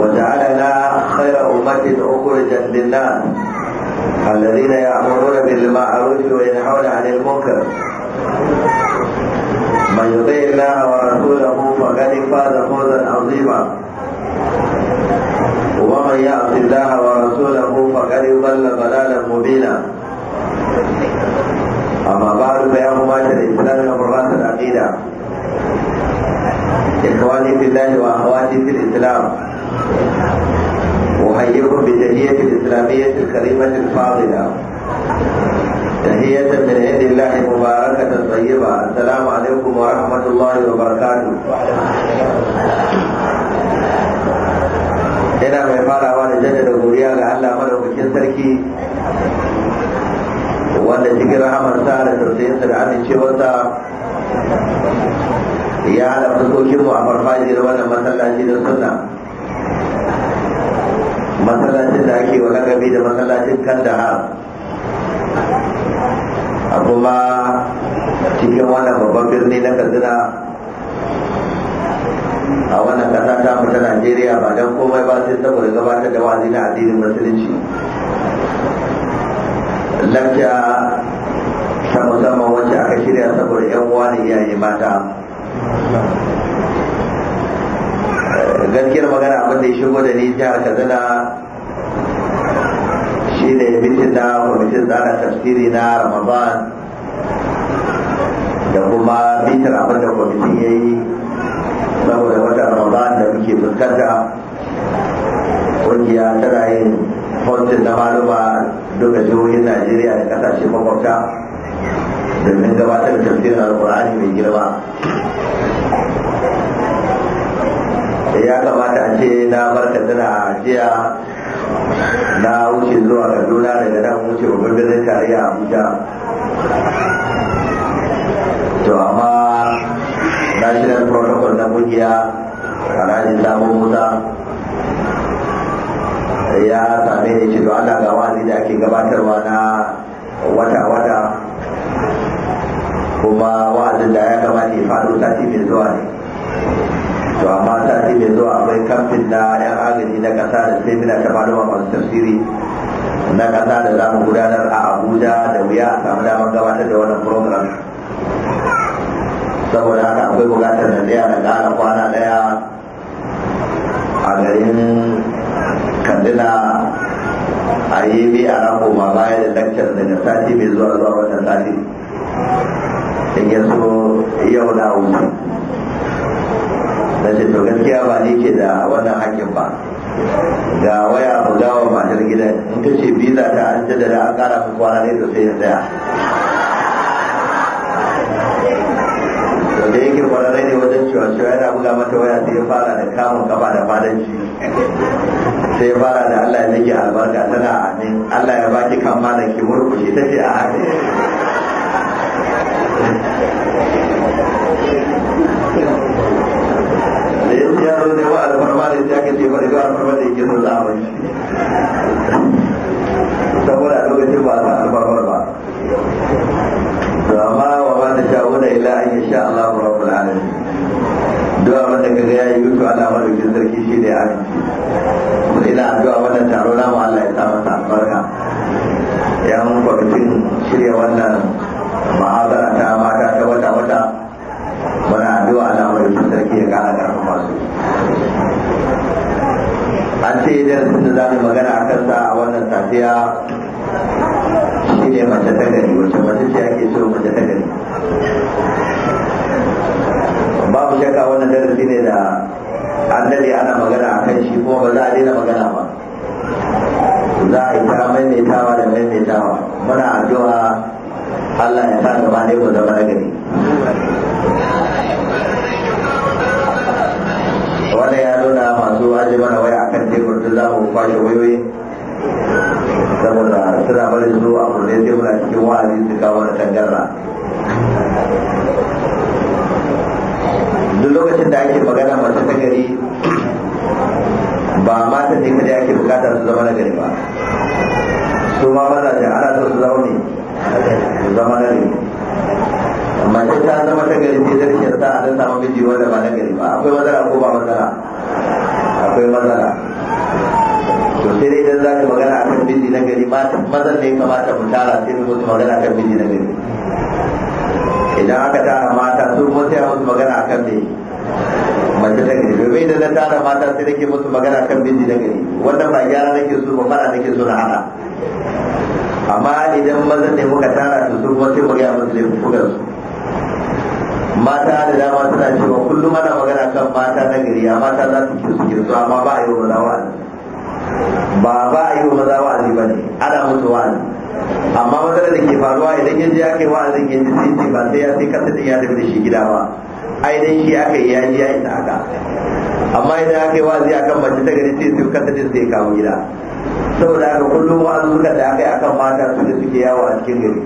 وجعلنا خير أمة أخرجا للناس الذين يأمرون بالمعروف وينهون عن المنكر من يطيع الله ورسوله فقد فاز فوزا عظيما ومن يعص الله ورسوله فقد ضل ضلالا مبينا أما بعد فيا مباشر الإسلام ومرات العقيدة إخواني في الله وأخواتي في الإسلام احييكم بتهيئه الاسلاميه الكريمه الفاضله تهية من عند الله مباركة طيبة السلام عليكم ورحمة الله وبركاته هنا ما يفعل جنة الأمورية لعل أمره في كنتركي وأن تقرأ أمر سارة ترسين سرعة الشيوطة يعلم تسوكي معبر فايد الوانا مثلا جيد السنة masallacin da ake wa lagabi da masallacin kandahar a kuma cikin wannan babban birni na kaduna a wannan kasa ta mu ta najeriya ba don komai ba sai saboda gabatar da wani na addinin musulunci lafiya ta musamman wacce aka shirya saboda yan uwa ne iyaye mata gaskiyar magana abinda ya shigo da ni jihar katsina shi ne mitin na kwamitin tsara tafsiri na ramadan da kuma mitin abinda kwamitin ya yi saboda wata ramadan da muke fuskanta kungiya tana yin fontin na maluma duka jihohin najeriya da kasashe makwabta domin gabatar da tafsirin alkur'ani mai girma ya kamata a ce na barka tana jiya na wuce zuwa kaduna daga nan wuce babban birnin a abuja to amma national protocol na kungiya rajin sabo musa ya same ne shi to ana ga wani da ake gabatarwa na wata-wata kuma wa'azin da ya kamata ya faɗo sati mai zuwa ne to amma sati mai zuwa akwai kamfin na yan agaji na kasa da semina ta malama masu tafsiri na kasa da za mu gudanar a abuja da wuya a samu damar gabatar da wannan program saboda haka akwai bukatar da daya da ƙara kwana daya a garin kaduna a yi bi a rako ma baya da lakcar daga sati mai zuwa zuwa wannan sati in yanzu yau na wuce na ce to gaskiya ba ni ke da wannan hakin ba ga waya ku gawa matar gidan in ta ce biza ta an jaddada an kara ku kwana ne sosai ya tsaya da yake kwararre ne wajen cewa cewa yana buga mata waya sai ya fara da kamun kafa da fadanci sai ya fara da Allah ya nake albarka tana amin Allah ya baki kama da ki murkushi ta ce a haka mutum ya zo nema alfarma da ya kace ba riga alfarma da yake son zama shi saboda lokacin ba ta alfarmar ba amma wa ma ta sha'una illa an yasha Allah rabbul alamin duk abin da kaga yayi yuto Allah madaukin sarki shi ne an kuma ina addu'a wannan taro na Allah ya sa masa albarka ya mun kwamitin shirya wannan ma'azara ta mata ta wata wata muna addu'a Allah sarki ya kara karfafa su an ce darasin da za mu magana a kansa a wannan safiya shi ne mace ta gari wacce mace ce ake so mace ta gari babu shakka wannan darasi ne da an dade ana magana a kan shi kuma ba za a daina magana ba za a yi ta maimaitawa da maimaitawa muna addu'a Allah ya sa gaba ne ku zama na gari wanda ya nuna masu aji mana waya a kan tekun duk za mu kwashe wayoyi saboda suna bari su a kulle sai muna cikin wa'azi su kawo da tangarra duk lokacin da ake magana masu ta gari ba mata ne da ake bukatar su zama na gari ba su ma mazaje ana so su zaune zama na gari mace ta zama ta gari sai zai shirta a zan samu miji wanda ba na gari ba akwai matsala ko ba matsala akwai matsala to sai dai idan za ka magana a kan miji na gari mazan ne kamata mu tara sai mu musu magana a kan miji na gari idan aka tara mata su kuma sai musu magana a kan mai mace ta gari domin idan na tara mata sai nake musu magana a kan miji na gari wannan ba gyara nake so ba fara nake so na hana amma idan mazan ne muka tara su kuma sai mu gaya musu ne kuka su mata da dama suna cewa kullum ana magana kan mata na gari ya mata za su kisu kirsu amma ba a yi wa maza wa'azi ba ba a yi wa maza wa'azi ba ne ana musu wa'azi amma matsalar da ke faruwa idan yanzu ya kai wa'azin yanzu sai ce ba sai ya sai kasa da ya tafi da shi gida ba ai dai shi aka yi yaji ya isa haka amma idan aka yi wa'azi akan mace ta gari sai su kasa da sai kawo gida saboda haka kullum wa'azukan da aka yi akan mata su da suke yawo a cikin gari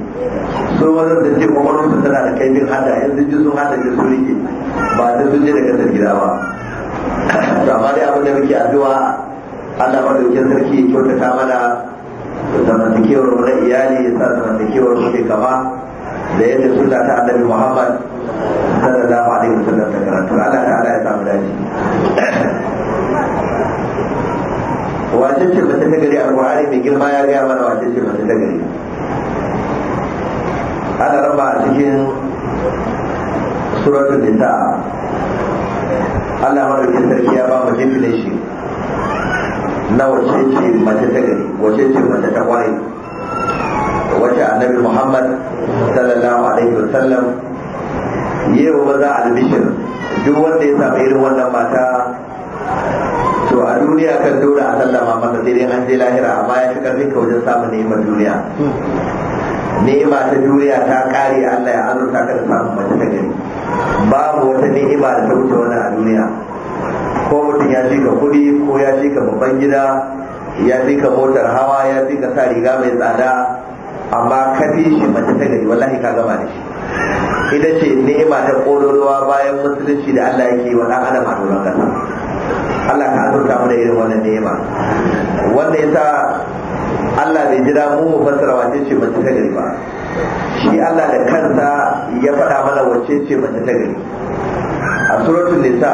sun wajen da ce kwakwalwar su tana da kaifin hada yanzu ji sun hada ji su rike ba ta sun je da kasar gida ba amma dai abin da muke addu'a Allah madaukin sarki ya kyautata mana zamantakewar mu wani iyali ya sa zamantakewar wani kama da yadda suna ta annabi Muhammad sallallahu alaihi wasallam ta karatu Allah ta'ala ya samu dace wace ce mace ta gari alƙur'ani mai girma ya gaya mana wace ce mace gari ana raba a cikin suratul nisa Allah madaukin sarki ya ba mu definition na wace ce mace gari wace ce mace ta kwarai wace annabi Muhammad sallallahu alaihi wasallam yewa maza albishir duk wanda ya samu irin wannan mata to a duniya kan dole a sallama masa sai dai an je lahira amma ya fi karfin ka wajen samun neman duniya ni'ima ta duniya ta kare Allah ya azurta ka da samun mace ta gari babu wata ni'ima da ta wuce wani a duniya ko mutum ya ji ka kuɗi ko ya ji ka babban gida ya ji ka motar hawa ya ji ka sa riga mai tsada amma ka fi shi mace ta gari wallahi ka gama da shi ita ce ni'ima ta ƙololuwa bayan musulunci da Allah yake wa ɗan adam a doron Allah ka azurta mu da irin wannan ni'ima wanda yasa Allah bai jira mu mu fassara wace ce mace ta gari ba shi Allah da kansa ya faɗa mana wace ce mace ta gari a suratul nisa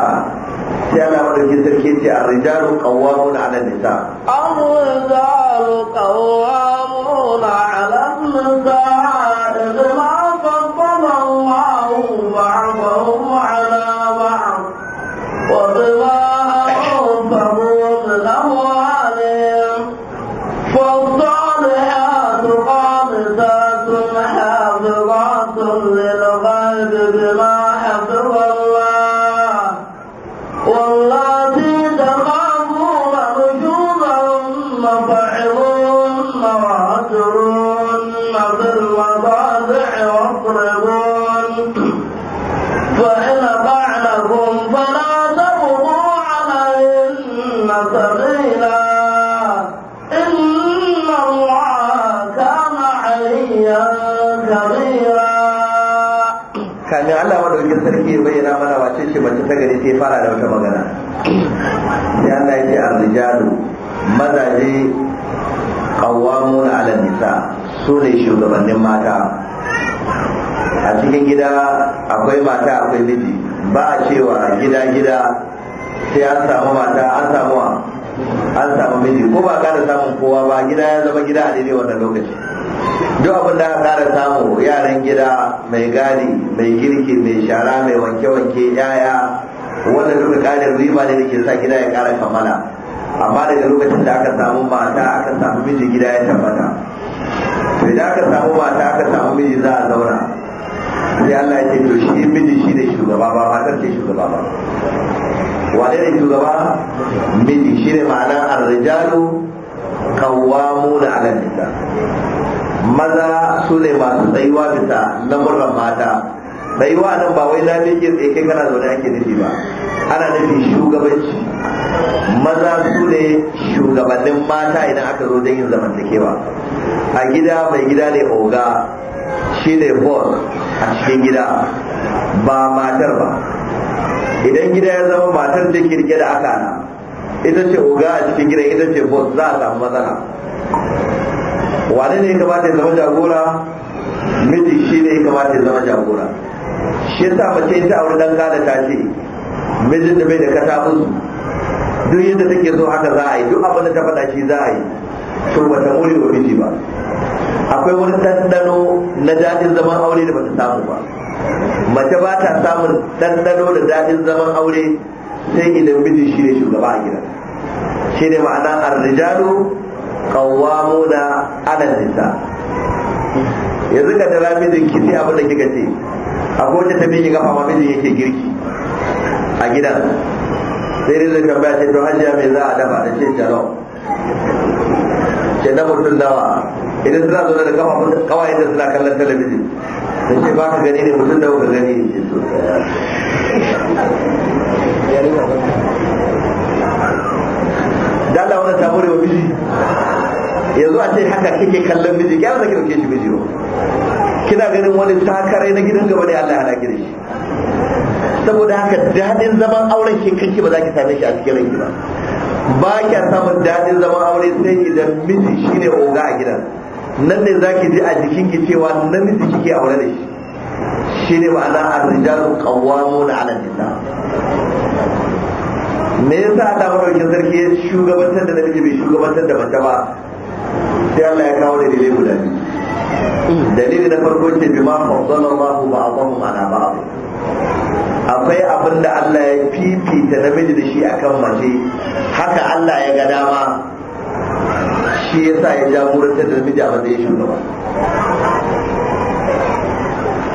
sai Allah madaukin sarki ce ar-rijalu qawwamuna 'ala an-nisa ar-rijalu qawwamuna 'ala an-nisa fara da wata magana ya ce rijalu mazaje qawwamun 'ala nisa su ne shugabannin mata a cikin gida akwai mata akwai miji ba a cewa gida gida sai an samu mata an samu an samu miji ko ba kada samun kowa ba gida ya zama gida a daidai wannan lokaci duk abin da aka kara samu yaran gida mai gadi mai girki mai shara mai wanke-wanke yaya wannan duk ƙarin riba ne da ke sa gida ya ƙara kamala amma daga lokacin da aka samu mata aka samu miji gida ya tabbata to idan aka samu mata aka samu miji za a zauna sai Allah ya ce to shi miji shi ne shugaba ba matar ce shugaba ba wane ne shugaba miji shi ne ma'ana arrijalu qawwamuna ala nisa maza su ne masu tsayuwa bisa lamurran mata mai yiwa nan ba wai lami ke tsaye kai kana zaune ake nufi ba ana nufin shugabanci maza su ne shugabannin mata idan aka zo don yin zamantakewa a gida mai gida ne oga shi ne bor a cikin gida ba matar ba idan gida ya zama matar da kirke da aka na ita ce oga a cikin gida ita ce bor za a samu matsala wane ne ya kamata ya zama jagora miji shi ne ya kamata ya zama jagora shi yasa mace ta aure dan gane ta ce mijin da bai da kasa musu duk yadda take so haka za a yi duk abin da ta faɗa shi za a yi to ba ta more wa miji ba akwai wani ɗanɗano na daɗin zaman aure da ba ta samu ba mace ba ta samun ɗanɗano da daɗin zaman aure sai idan miji shi ne shugaba a gidan shi ne ma'ana arrijalu qawwamuna ala nisa yanzu ka tara mijin ki abin da kika ce akwai wacce ta miƙe gafa ma mijin yake girki a gidan sai dai zai tambaya ce to hajiya mai za a dafa da ce jalo ke na mutum dawa idan suna zo da mutum kawai da suna kallon talabijin da ce ba ka gani ne mutum da ka gani ne dala da Allah wannan samu rewa miji yanzu a ce haka kake kallon miji gyara da kike shi miji kina ganin wani takare na gidan gaba ne Allah ya gidan da shi saboda haka daɗin zaman auren ke kanki ba za ki same shi a cikin ranki ba ba kya samun daɗin zaman aure sai idan miji shine oga a gidan nan ne zaki ji a jikin ki cewa namiji kike aure da shi shine ma'ana ar-rijalu qawwamuna 'ala an-nisa me yasa Allah madaukakin sarki shugabantar da namiji bai shugabantar da mace ba sai Allah ya kawo da dalilin guda biyu dalili na farko ce bi ma faddala Allahu ba'dahum ala ba'd akwai abin da Allah ya fifita namiji da shi akan mace haka Allah ya ga dama shi yasa ya jagorantar da namiji a matsayin shugaba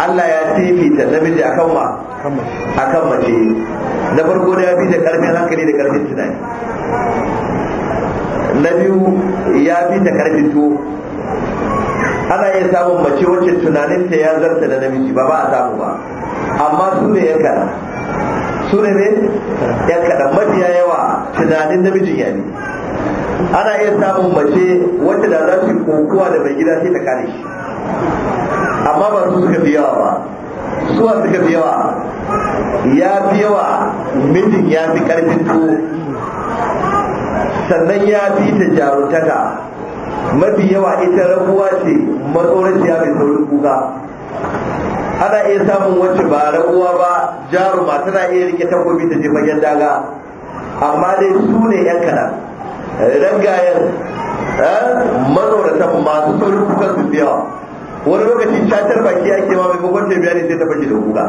Allah ya fifita namiji akan ma akan mace na farko da ya fi da karfin hankali da karfin tunani na biyu ya fi da karfin to ana iya samun mace wacce tunaninta ya zarta da namiji ba ba a samu ba amma su ne yan kaɗan su ne ne yan kaɗan mafiya yawa tunanin namijin ya ne ana iya samun mace wacce da za su yi kokowa da mai gida sai ta kare shi amma ba su suka fi yawa ba suwa suka fi yawa ya fi yawa mijin ya fi karfin tuwo sannan ya fi ta jaruntaka mafi yawa ita rabuwa ce matsoraciya mai saurin kuka ana iya samun wacce ba rabuwa ba jaruma tana iya rike takobi ta je fagen daga amma dai su ne yan kaɗan rangayen eh, matsoratan masu saurin kuka su fi yawa wani lokaci catar baki ake ma maimakon tebiya ne sai ta fashe da kuka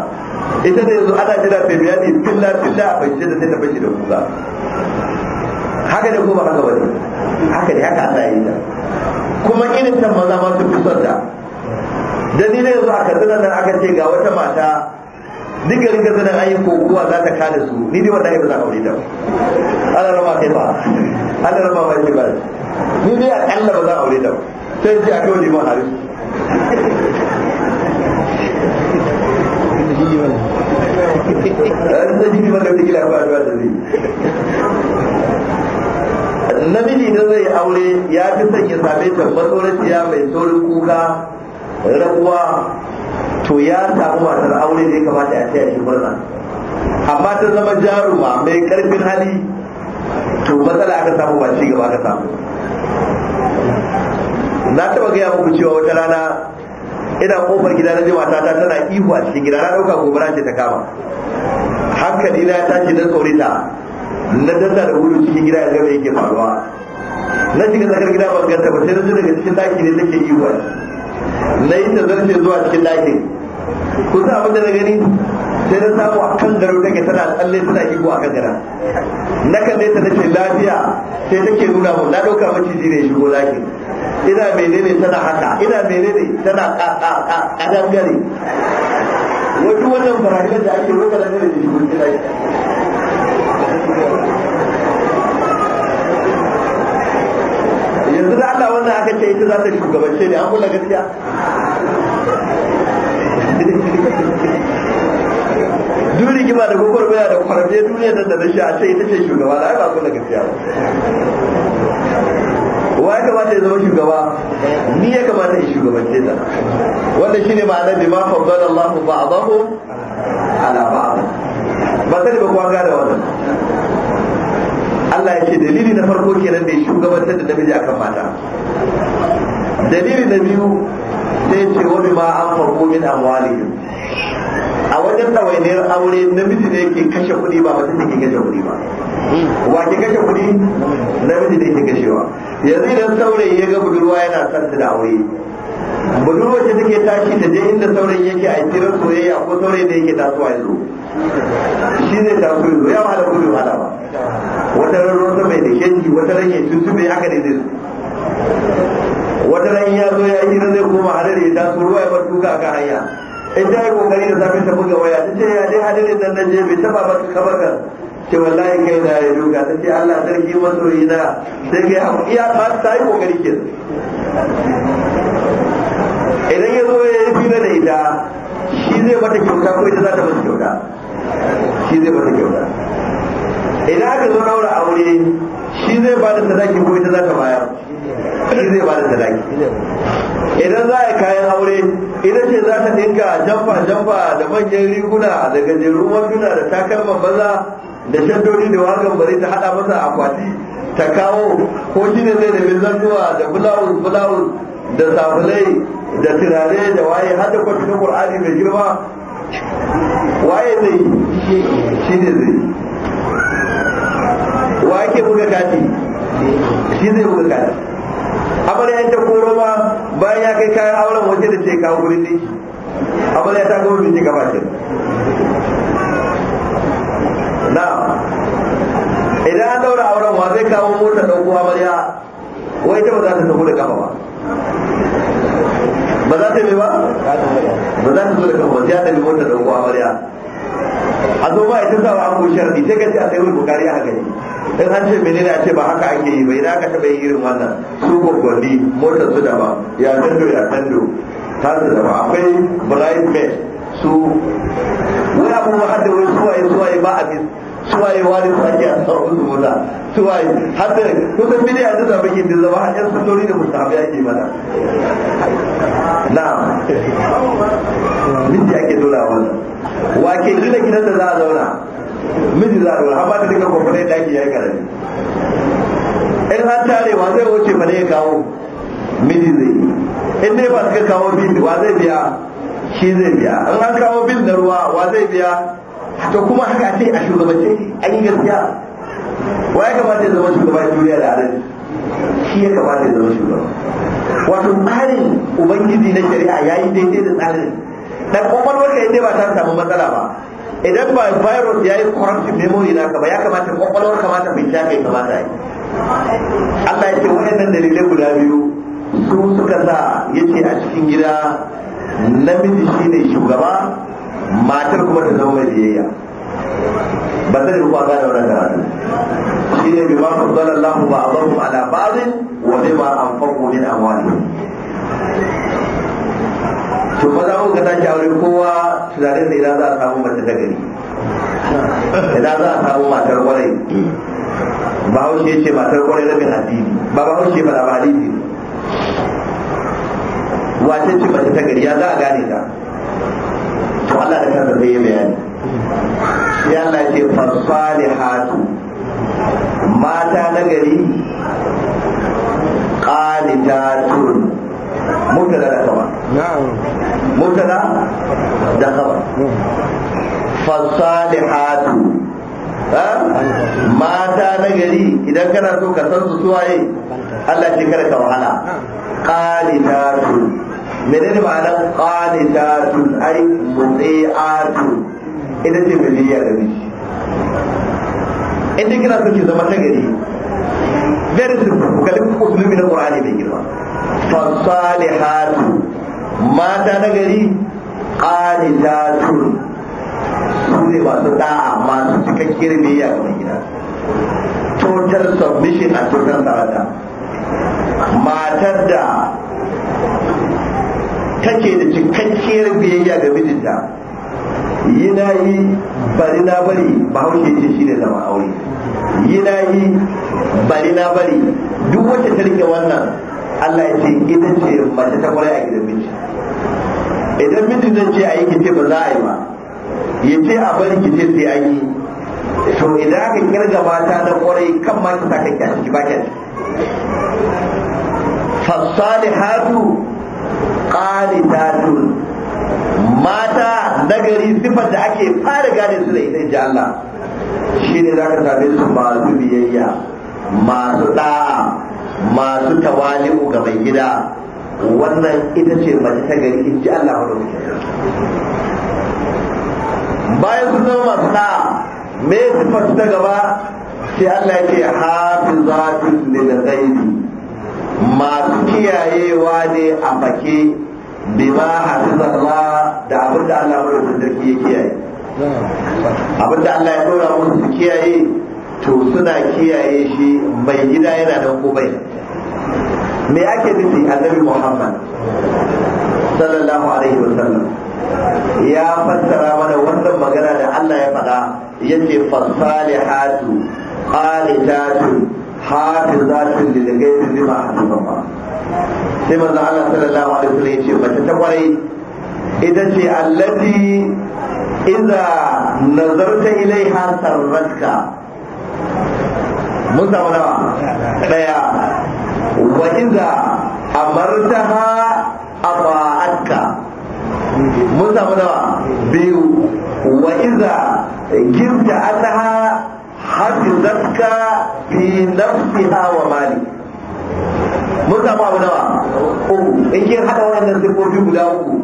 ita da yanzu ana jira tebiya ne filla filla a fashe da sai ta fashe da kuka haka ne ko ba haka bane haka ne haka Allah kuma irin ta maza ma su kusar da ta ni ne yanzu a katsina nan aka ce ga wata mata duk riga zanen an yi za ta kada su ni dai wallahi ba za ka aure Allah rama kai ba Allah rama ba shi ba ni dai a ba za ka aure sai ji a kai wani ma harin da jini ba da wani ba da wani namiji da zai aure ya fi son ya same ta matsoraciya mai saurin kuka rabuwa to ya samu matar aure da ya kamata ya ce a shi murna amma ta zama jaruma mai karfin hali to matsala aka samu ba ci gaba aka samu na taba gaya muku cewa wata rana ina kofar gida na jima ta tana ihu a cikin gida na dauka gobara ce ta kama hankali na tashi na tsorita na dalla da wuri cikin gida ya gaba yake faruwa na shiga tsakar gida ba ganta ba sai na daga cikin daki ne nake yi wa na yi tazarce zuwa cikin dakin kusa abin da na gani sai na samu a kan garo take tana tsalle tana iko a kan gara na kalle ta nace lafiya sai take nuna mu na dauka maciji ne shigo lakin ina menene tana haka ina menene tana ka ka ka dangare wajen wannan farahiyar da ake wakana ne da shigo lakin yanzu da Allah wannan aka ce ita za ta shugabance ne an kula gaskiya duk rigima da gogor baya da kwarfe duniya da da shi a ce ita ce shugaba da ai ba kula gaskiya wa ya kamata ya zama shugaba ni ya kamata ya shugabance ta wanda shine ma'anar ma faddala Allah ba'dahu ala ba'd ba sai ba ku an gane wannan Allah ya ce dalili na farko kenan da ya shugabantar da namiji kan mata dalili na biyu sai ce wani ma an farko min amwalihim a wajen tsawainiyar aure namiji ne ke kashe kuɗi ba mutum da ke kashe kuɗi ba wa ke kashe kuɗi namiji ne ke kashewa yanzu idan saurayi ya ga budurwa yana son da aure budurwa ce take tashi da je inda saurayi yake a tsirar soyayya ko saurayi da yake tasowa yanzu shi ne ta yanzu ya wahala ko bai wahala ba wata ran ruwan mai da shanji wata ran ya mai haka ne zai wata ran ya zo ya yi zai koma hadari ya taso ruwa ya bar duka aka hanya in ta yi kokari da zafi ta buga waya ta ce ya dai hadari dan nan je bai taba ba kabakar ce wallahi kai na ya duka ta ce Allah sarki masoyi na sai kai iya ta yi kokari ke idan ya zo ya yi fira da ita shi zai bata kyauta ko ita za ta mata kyauta shi zai bata kyauta idan aka zo daura aure shi zai ba da sadaki ko ita za ta bayar shi zai ba da sadaki idan za a kayan aure ita ce za ta dinga jamfa jamfa da manyan riguna da gajerun wanduna da takalma maza da shaddodi da wagan bari ta hada masa akwati ta kawo ko shi ne zai da bizantuwa da bulawun bulawun da sabulai da turare da waye har da cikin qur'ani mai girma waye zai shi ne zai wa ke buga kati shi zai buga kati ya ta koro ma bayan ya kai kayan auren waje da ce kawo wurin ne ya ta goma bin jika bakin na idan an daura auren wa zai kawo mota ɗauko amarya wai ta ba za ta tafi da kafa ba ba za ta yi ba ba za ta zo da kan wasu ya tafi wata ɗauko amarya a zo ba ita zawa an ko sharbi. sai ka ce a sayi bukari a gani in an ce menene a ce ba haka ake yi bai na aka taɓa yin irin wannan su gwagwani motar su da ba ya tando ya tando ta su da ba akwai bright men su wani abubuwa hadda wani suwaye suwaye ba a suwaye wani su ake a samun mota suwaye har da kusan bidiya duk da bakin da zama hanyar satori da mustahabi ake mana na miji ake dora wani wake ke gina gidan da za a zauna miji za a zauna amma da duka kwamfani da ya yi karami in har tarewa zai wuce fa ne ya kawo miji zai in dai ba suka kawo bin wa zai biya shi zai biya in an kawo bin da ruwa wa zai biya to kuma haka sai a shugabance an yi gaskiya wa ya kamata ya zama shugaba duniya da adalci shi ya kamata ya zama shugaba wato tsarin ubangiji na shari'a ya yi daidai da tsarin dan ka yadda ba ta samu matsala ba idan ba virus ya yi corruption memory na ba ya kamata kwakwalwar kamata mai shafe kamata yi Allah ya ce waɗannan dalilai guda biyu su suka sa ya ce a cikin gida namiji shine shugaba matar kuma ta zama mai biyayya ba sai rufa ga da wannan karatu shi ne bi ma faddala Allah ba'dhum ala ba'd wa bi ma anfaqu min amwalihim to fa za mu ga tashi aure kowa tunanin da idan za a samu mace ta gari idan za a samu matar kwarai bahaushe ya ce matar kwarai rabin hadidi ba bahaushe ba da ba addini wace ce mace ta gari ya za a gane ta to Allah da kansa zai yi bayani Allah mata na gari qanitatun mutala da kaba mutala da kaba mata na gari idan kana so ka san su suwaye Allah ce kada ka wahala qanitatun menene ma'anar qanitatun ai muti'atun ita ce mai biyayya da miji idan kina so ki zama ta gari very simple kalin usulubi na qur'ani mai girma fasalihatu mata na gari qanitatun su ne masu da'a masu cikakkiyar biyayya ga gida total submission a total sarata matar da kake da cikakkiyar biyayya ga mijinta yi na yi bari na bari ba hau ke ce shi ne zama aure yi na yi bari na bari duk wacce ta rike wannan Allah ya ce idan ce mace ta kwarai a gidan miji idan miji zan ce a yi kice ba za a yi ba ya ce a bari kice sai an yi to idan aka kirga mata na kwarai kan ma ta sa kake a ciki ba kyan fassalihatu qanitatun mata nagari sifar da ake fara gane su da ita ji Allah shine zaka same su masu biyayya masu da'a masu tawali'u ga mai gida wannan ita ce mace ta gari in ji Allah wadda bayan su zama masu da'a me sifar ta gaba sai Allah ya ce hafizatun lil ghaibi masu kiyayewa ne a fake bima hafizan ma da abin da Allah mai wasu da ya kiyaye abin da Allah ya ɗora musu su kiyaye to suna kiyaye shi mai gida yana da kubai me ake nufi annabi Muhammad sallallahu alaihi wasallam ya fassara mana wannan magana da Allah ya faɗa yace fasalihatu qalitatu za hafizatin da gai su bima hasiban ba sai manzo Allah sallallahu alaihi wasallam yace mace ta kwarai ita ce allati idza nazarta ilaiha sarratka mun samu nawa daya wa idza amartaha ata'atka mun samu nawa biyu wa idza gifta ataha gaska fi nafsiha wa mali mun samu abu nawa Ko in kin hada wannan sifofi guda uku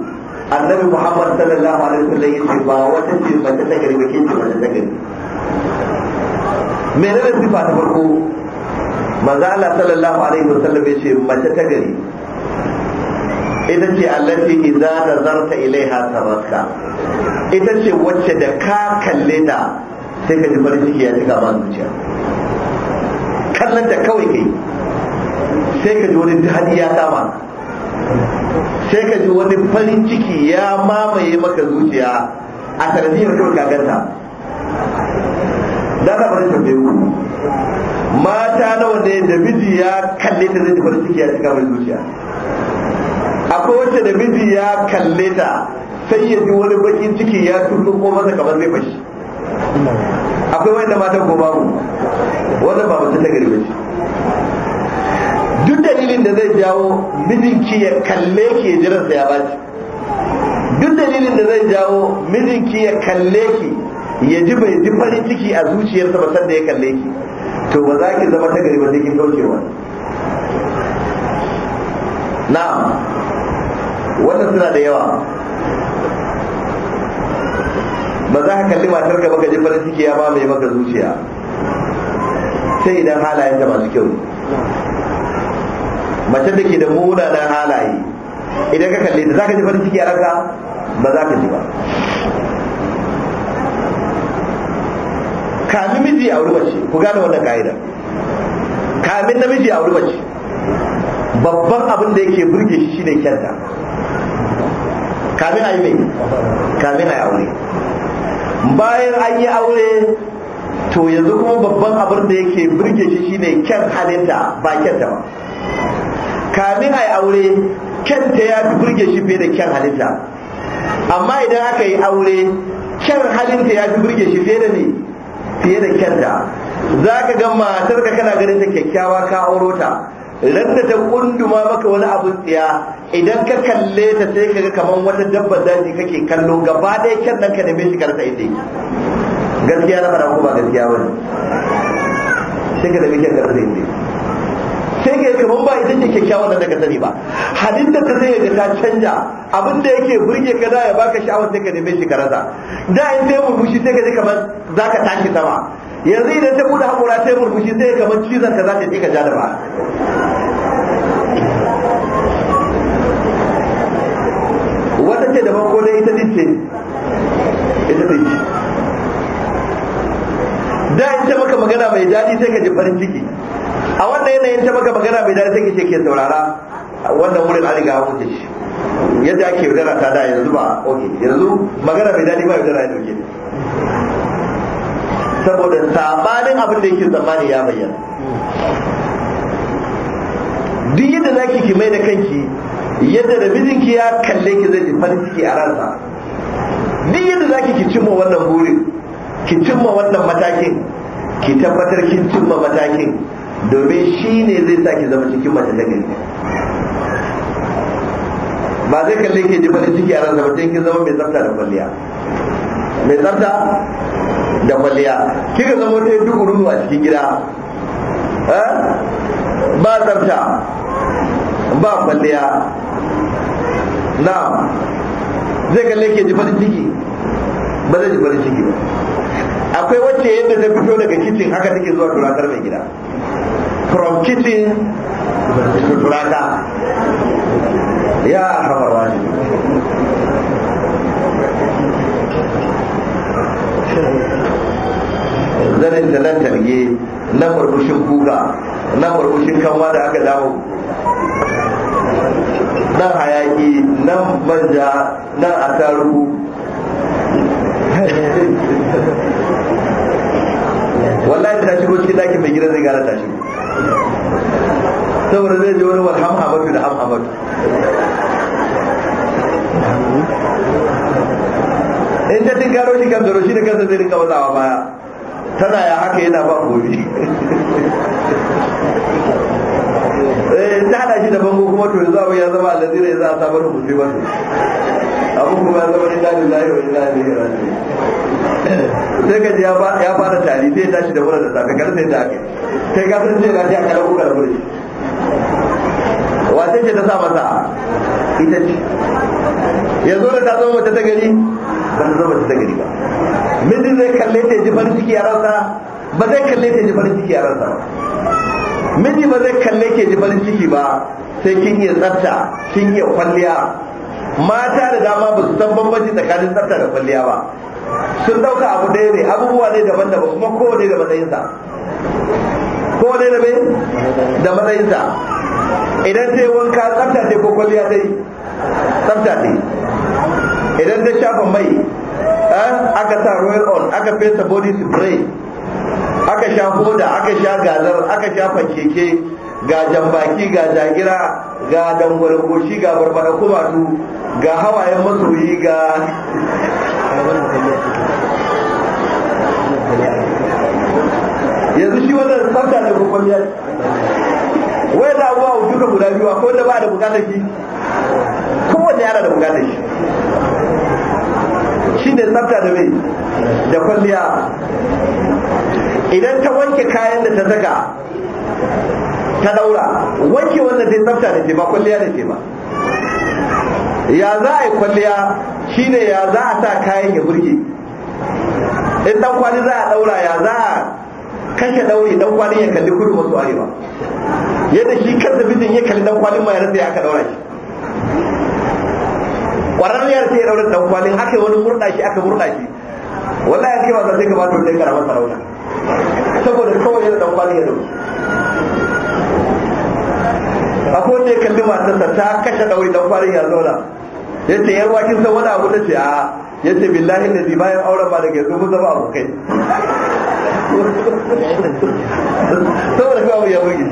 annabi muhammad sallallahu alaihi wasallam yace ba wata ce mace ta gari bakin ce mace ta gari menene sifa ta farko manzo Allah sallallahu alaihi wasallam yace mace ta gari ita ce allati idza nazarta ilaiha tarakka ita ce wacce da ka kalle ta sai ka ji farin ciki ya gaba ma zuciya kallon da kawai kai sai ka ji wani daɗi ya dama sai ka ji wani farin ciki ya mamaye maka zuciya a sanadiyar kawai kaganta da na farin tambaye ku mata nawa ne da miji ya kalle ta zai farin ciki ya gaba mai zuciya akwai wacce da miji ya kalle ta sai ya ji wani bakin ciki ya tuntun ko masa kamar zai fashi akwai wanda matan ko babu wanda ba mutum na garbe duk dalilin da zai jawo mijinki ya kalle ki ya jira sai ya baci duk dalilin da zai jawo mijinki ya kalle ki ya ji bai ji farin ciki a zuciyarsa ba sanda ya kalle ki to ba za ki zama ta gari ba sai kin wa na'am wannan suna da yawa ba za ka kalli matar ka baka ji farin ciki ya mamaye maka zuciya sai idan halayen ta masu kyau mace da ke da munanan halaye idan ka kalli ta za ka ji farin ciki a ranka ba za ka ji ba Kami miji a wuri mace ku gane wannan ka'ida na namiji a wuri mace babban abin da yake burge shi ne kyanta Kami a yi mai kamin a yi aure bayan an yi aure to yanzu kuma babban abin da yake birge shi shine kyan halitta ba kyanta ba kamin a yi aure kyanta ya fi birge shi fiye da kyan halitta. amma idan aka yi aure kyan halitta ya fi birge shi fiye da ne fiye da kyanta za ka ga matar ka kana ganin ta kyakkyawa ka auro ta randa ta kunduma maka wani abun tsiya idan ka kalle ta sai kaga kaman wata dabba daji kake kallo gaba ɗaya kyan nan ka neme shi ta inda gaskiya na fara ko ba gaskiya wani sai ka neme kyan ta inda sai ka kaman ba idan ce kyawun da ka sani ba halin da ka sai ta canja abin da yake burge ka da ya baka sha'awar sai ka neme shi ta da in sai murmushi sai ka ji kamar zaka tashi sama yanzu idan ta buɗe haƙura sai murmushi sai kamar cizon ka za ta je ka ja da ba ce da ko dai ita ce ita ce da in ta maka magana mai daɗi sai ka ji farin ciki a wannan yanayin ta maka magana mai daɗi sai ka ce ke saurara wannan wurin an riga wuce shi yadda ake yaudara ta da yanzu ba ok yanzu magana mai daɗi ba yaudara ya dauke saboda sabanin abin da yake tsammani ya bayyana duk yadda zaki ki mai da kanki yadda da mijinki ya kalle ki zai ji farin ciki a ransa duk yadda za ki cimma wannan burin ki cimma wannan matakin ki tabbatar kin cimma matakin domin shi ne zai sa ki zama cikin mace ta gari ba zai kalle ki ji farin ciki a ransa ba sai ki zama mai tsafta da kwalliya mai tsafta da kwalliya kika zama wata duk a cikin gida eh? ba tsafta ba kwalliya na zai kalle ke ji farin ciki ba zai ji farin ciki ba akwai wacce yadda ta fito daga kitchen haka take zuwa turatar mai gida from kitchen to turata ya hawa wani zanen da nan targe na farfushin kuka na farfushin kanwa da aka damu nan hayaki nan manja nan ataru wallahi ta shigo cikin daki mai gidan zai gara ta shigo saboda zai ji wani walham hamadu da ham hamadu in ta tinkaro shi kan zaro shi da kansa zai rinka matsawa baya tana ya haka yana ba gobe eh na hada shi da bango kuma to yanzu abin ya zama allazi ne za a sabar mutum ba abin kuma ya zama inna lillahi wa inna ilaihi raji'un sai ka ji ya fara tari sai tashi da mura da safe kar sai ta aka kai ka san cewa ta kala ko kala mure wace ce ta sa masa ita ce yanzu da ta zama mace ta gari ba ta zama mace ta gari ba mijin zai kalle ta ji farin ciki a ransa ba zai kalle ta ji farin ciki a ransa ba miji ba zai kalle ke ji farin ciki ba sai kin yi tsafta kin yi kwalliya mata da dama ba su san bambanci tsakanin tsafta da kwalliya ba sun dauka abu ɗaya ne abubuwa ne daban-daban kuma kowane da matsayinsa kowane da bai da matsayinsa idan ta yi wanka tsafta ce ko kwalliya ta yi tsafta ce idan ta shafa mai eh, aka sa royal on aka fesa body spray aka sha hoda aka sha galar aka sha fakeke ga jambaki ga jagira ga dangwar goshi ga barbara kumatu ga hawayen masoyi ga yanzu shi wannan tsafta da rukun yari wai da abuwa wujudu guda biyu akwai wanda ba da bukata shi kowanne yana da bukata shi shi ne tsafta da mai da kwalliya idan ta wanke kayan da ta saka ta daura wanke wanda zai tsafta da ke ba kwalliya da ke ba ya za a yi kwalliya shine ya za a sa kayan ya burge in dan kwali za a daura ya za a kashe daure dan kwali ya kalli kudu masu arewa yadda shi da bijin ya kalli dan kwalin ma ya rasa ya aka daura shi kwararriyar sai ya daura dan kwalin aka yi wani murda shi aka murda shi wallahi kai ba zai ka ba ta wata karamar sarauta saboda kawai yana dan kwari ya A akwai wanda ya kalli matarsa ta kashe ɗauri dan kwari ya zauna ya ce yarwa kin san wani abu ta ce a ya ce billahi da zai bayan auren ba daga yanzu mun zama abokai saboda kawai ya bugi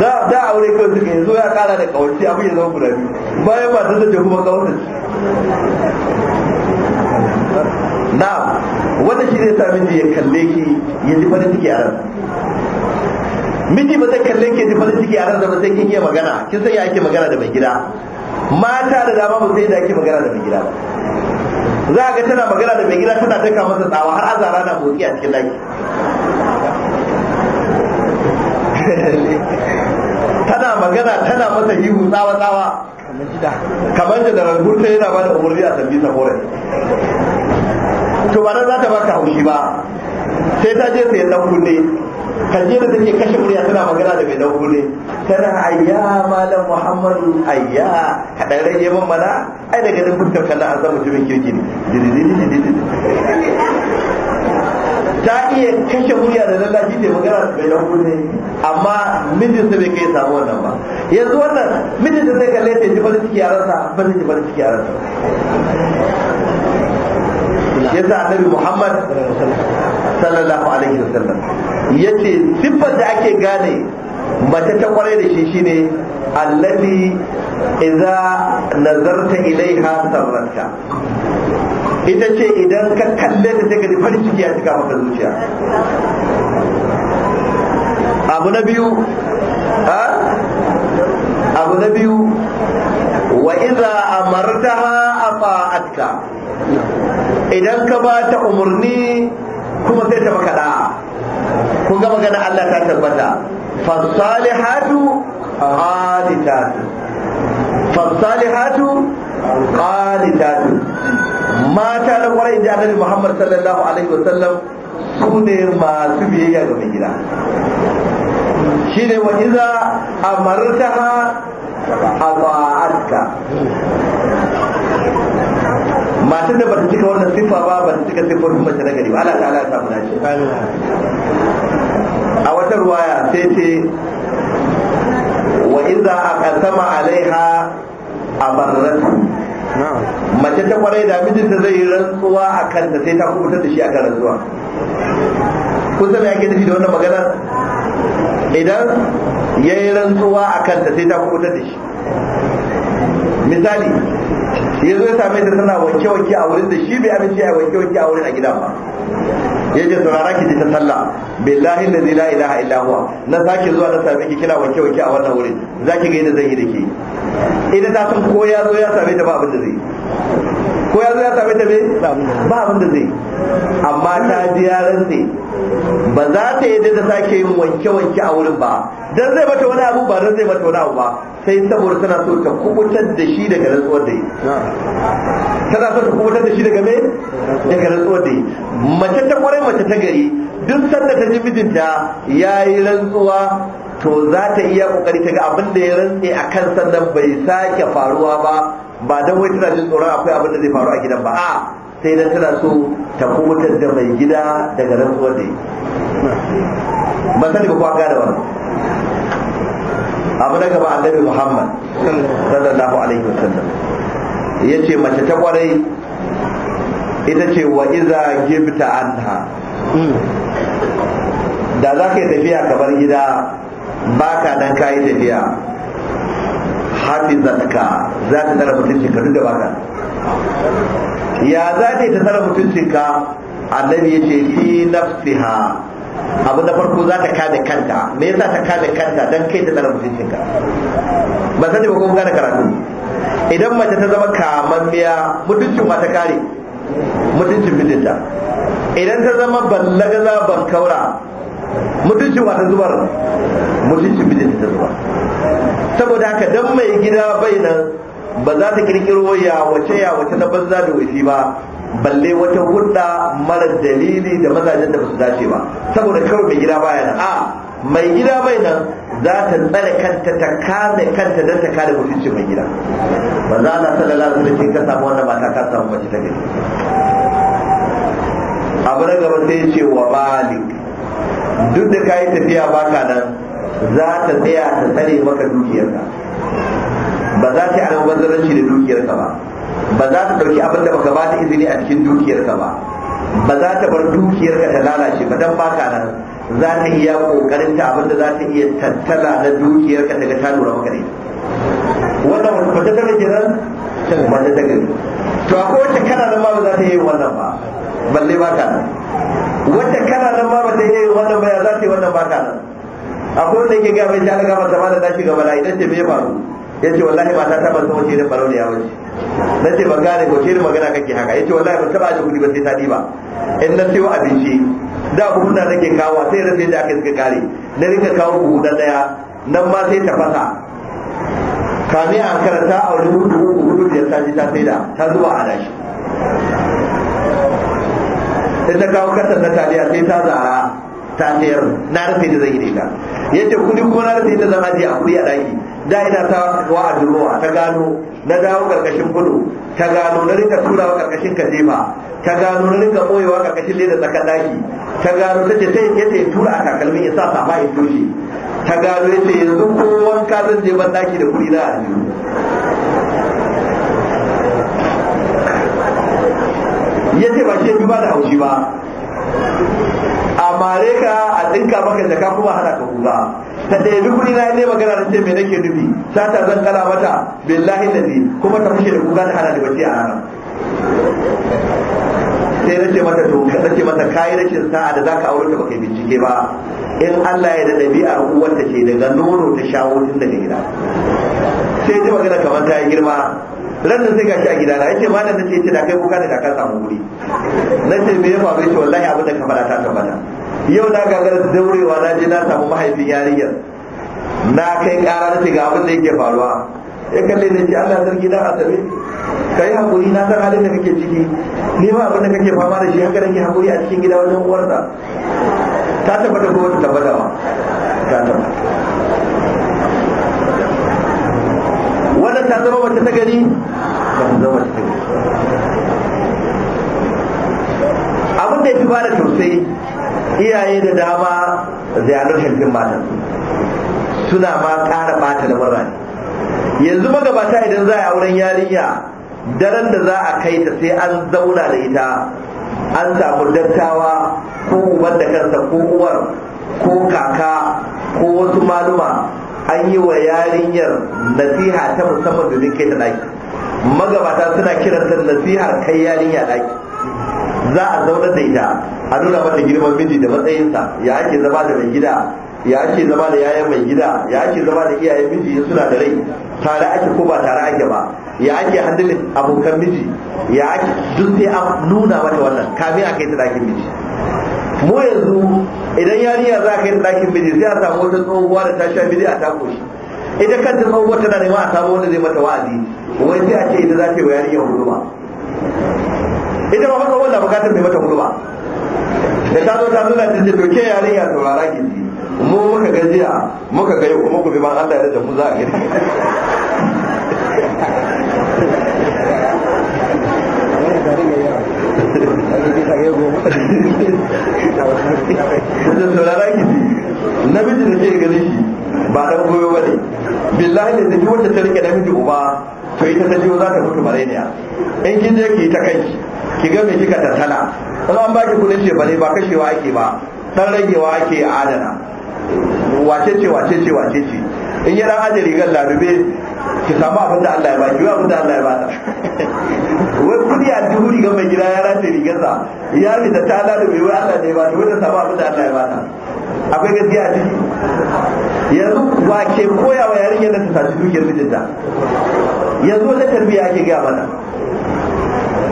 da da aure kawai suka yanzu ya kara da kawarci abin ya zama guda biyu bayan matarsa ce kuma kawarci na wanda shi zai sa miji ya kalle ki ya ji farin ciki a ran miji ba zai kalle ki ya ji farin ciki a da ba sai kin iya magana kin san ya ake magana da mai gida mata da dama ba sai da ake magana da mai gida za a ga tana magana da mai gida tana daka masa tsawa har azara na motsi a cikin daki tana magana tana masa hihu tsawa tsawa kamar da daga gurta yana ba da umarni a tambi saboda to ba za ta baka haushi ba sai ta je sai dan kunne kaje da take kashe murya tana magana da mai dan kunne tana ayya malam muhammadu ayya ka dan rage min mana ai daga nan kun tafkala an san mutumin kirki ne ta iya kashe murya da lallashi ne magana da bayan ne. amma mijinsa bai kai samu wannan ba yanzu wannan da zai kalle ta ji farin ciki a ransa ba zai ji farin ciki a ransa yasa annabi Muhammad sallallahu alaihi wasallam yace siffar da ake gane mace ta kwarai da shi shine allazi idza nazarta ilaiha sarranta ita ce idan ka kalle ta sai ka ciki ya cika maka zuciya abu na biyu ha abu na biyu wa ha a afa'atka idan ka ba ta umarni kuma sai ta makada da'a kun ga magana Allah ta tabbata fasalihatu qanitatu fasalihatu qanitatu mata na kwarai da annabi Muhammad sallallahu alaihi wasallam su ne masu biyayya ga mai gida shine wa iza amartaha ata'atka matan da bata cika wannan sifa ba ba ta cika sifar mace na gari ba Allah ta'ala ta muna shi a wata ruwaya sai ce wa iza aqsama alaiha amarratu mace ta kwarai da mijinta zai yi rantsuwa a kanta sai ta kuma da shi a kan rantsuwa kun san ake nufi da wannan maganar idan ya yi rantsuwa a kanta sai ta kuma da shi misali ya zo ya same ta tana wanke-wanke a wurin da shi bai amince a wanke-wanke a wurin a gidan ba ya ce saurara ki ta sallah billahi allazi la ilaha illa huwa na sake zuwa na same ki kina wanke-wanke a wannan wurin zaki ga yadda zan yi da ke ita ta san ko ya zo ya same ta ba abin da zai ko ya zo ya same ta ba abin da zai amma ta ji yaran ne ba za ta yi da sake yin wanke-wanke a wurin ba dan zai mata wani abu ba dan zai mata wani abu ba sai saboda tana so ta kubutar da shi daga rantsuwar da yi tana so ta kubutar da shi daga me daga rantsuwar da yi mace ta kwarai mace ta gari duk sanda ta ji mijinta ya yi rantsuwa to za ta iya kokari ta ga abin da ya rantse a kan sannan bai sake faruwa ba ba don wai tana jin tsoron akwai abin da zai faru a gidan ba a sai dan tana so ta kuma da mai gida daga rantsuwar da ba sani ba kwa gane wannan abu na gaba annabi muhammad sallallahu alaihi wasallam yace mace ta kwarai ita ce wa iza gibta anha hmm. da za ka yi tafiya kamar gida ba ka nan kayi tafiya hafizatka za ta tsara mutuncinka duk da baka ya za ta yi ta tsara mutuncinka annabi ya ce fi nafsiha abu na farko za ta kada kanta me yasa ta kada kanta dan kai ta tsara ka ba sani ba kuma gane karatu idan mace ta zama kamammiya mutuncin ma ta kare mutuncin mijinta idan ta zama ballaga ban kaura mutunci ba ta zubar mutunci mijinta ta zubar saboda haka dan mai gida bai nan ba za ta kirkiro ya wace ya wace na banza da wafi ba balle wata hudda mara dalili da mazajen da ba su dace ba saboda kawai mai gida baya nan a mai gida bai nan za ta tsare kanta ta kame kanta don ta kare mutuncin mai gida ba za na da alaihi wasallam ka samu wannan mata ka samu mace ta gari abu na gaba sai ce wa balik duk da kayi tafiya baka nan za ta tsaya ta tsare maka dukiyarka ba za ta yi almubazzaranci da dukiyarka ba ba za ta ɗauki abin da baka ba ta izini a cikin dukiyarka ba ba za ta bar dukiyarka ta lalace ba dan baka nan za ta iya kokarin ta abin da za ta iya tattala na dukiyarka daga ta lura maka ne wannan wata fata ta kenan wata ta gari to akwai wacce kana nan ba za ta yi wannan ba balle baka nan wanda kana nan ma ba ta iya yin wannan baya za ta yi wannan baka nan akwai wanda yake gaya mai jihar gama zama da tashi gaba na idan ce me faru ya ce wallahi ba ta taba zama shirin balo barau ne ya wuce na ce ban gane ko shirin magana kake haka ya ce wallahi ba taba aje kudi ba sai ta ɗiba in na sayo abinci da buhun da nake kawo sai rasa da aka suka kare na rinka kawo buhu na ɗaya nan ma sai ta fasa kamiya a karanta a wani hudu hudu biyar ta ji ta da ta zuba a dashi sai ta kawo kasar na taliya sai ta zara ta sayar na rufe da zai yi ita ce kudi ko na rufe da zan ajiye a kudi a daki da ina ta wa a durowa ta gano na dawo karkashin kudu ta gano na rika turawa karkashin kajefa ta gano na rika wa karkashin leda tsakar daki ta gano ta ce sai yace tura a takalmin ya sa sama ya toshe ta gano ce yanzu ko wanka zan je ban daki da kudi na a ya ce ba shi ya ba da haushi ba a mare ka a ɗinka maka jaka kuma hana ka kuka ta ɗaya kuɗi na ne magana ta ce me nake nufi ta ta zan kala mata billahi lazi kuma ta fushe da kuka ta hana da bacci a ranar sai na ce mata to na ce mata kayi rashin sa'a da zaka aure ta baka bincike ba in Allah ya da ɗabi'ar ta ce daga nono ta shawo tun daga gida sai ta magana kamar ta yi girma ran sai gashi a gidana yace da nace ce da kai kuka da ka samu wuri nace me ya faru shi wallahi abin da ka fada ta tabbata yau na gagara daurewa na je na samu mahaifin yarinyar na kai kara ce ga abin da yake faruwa ya kalle ne ce Allah sarki dan asabe kai hakuri na san halin da kake ciki ni ba abin da kake fama da shi haka nake hakuri a cikin gida wajen uwarsa ta tabbata ko ta tabbata ba ta tabbata wannan ta zama wata ta gani kafin zama ta abin da ya fi ba da tausayi iyaye da dama ziyarar shafin matan suna ma ƙara ɓata lamarin yanzu magabata idan za a auren yarinya daren da za a kai ta sai an zauna da ita an samu dattawa ko uban da kansa ko uwar ko kaka ko wasu maluma an yi wa yarinyar nasiha ta musamman da zai ta ɗaki magabata suna kiran da nasiha kai yarinya daki za a zaunar da ita a nuna mata girman miji da matsayinsa ya ake zama da mai gida ya ake zama da yayan mai gida ya ake zama da iyayen miji suna da rai tare ake ko ba tare ake ba ya ake handilin abokan miji ya ake duk sai an nuna mata wannan kamin a kai ta dakin miji mu yanzu idan yarinya za a kai ta dakin miji sai a samu wata tsohuwa da ta sha miji a takoshi ita kanta tsohuwar tana nema a samu wanda zai mata wa'azi wani sai a ce ita za ta yi wa yarinyar huduma ita ba haka wanda bukatar mai mata huduma da ta zo ta nuna ta ce doke yarinya saurara ki mu muka ga jiya muka gayo kuma ku bi ban Allah ya da mu za a gani Wajen saurara da ke gani shi ba dan goyo ba ne billahi da duk wacce ta rike namiji uba to ita ta jiyo za ta mutu mareniya in kin je ki ta kai ki ga me kika tattala in an baki kudin ce bare ba kashewa ake ba dan ragewa ake adana wace ce wace ce wace ce in yi dan aje rigar larube ki samu abin da Allah ya baki wai abin da Allah ya bata wai kudi a duhu rigar mai gida ya race rigarsa ya fita ta larube wai Allah ne ya bata wai da samu abin da Allah ya bata akwai gaskiya a ciki yanzu wa ke koya wa yarinyar da ta saci dukiyar mijinta yanzu wata tarbiyya ake gaya mana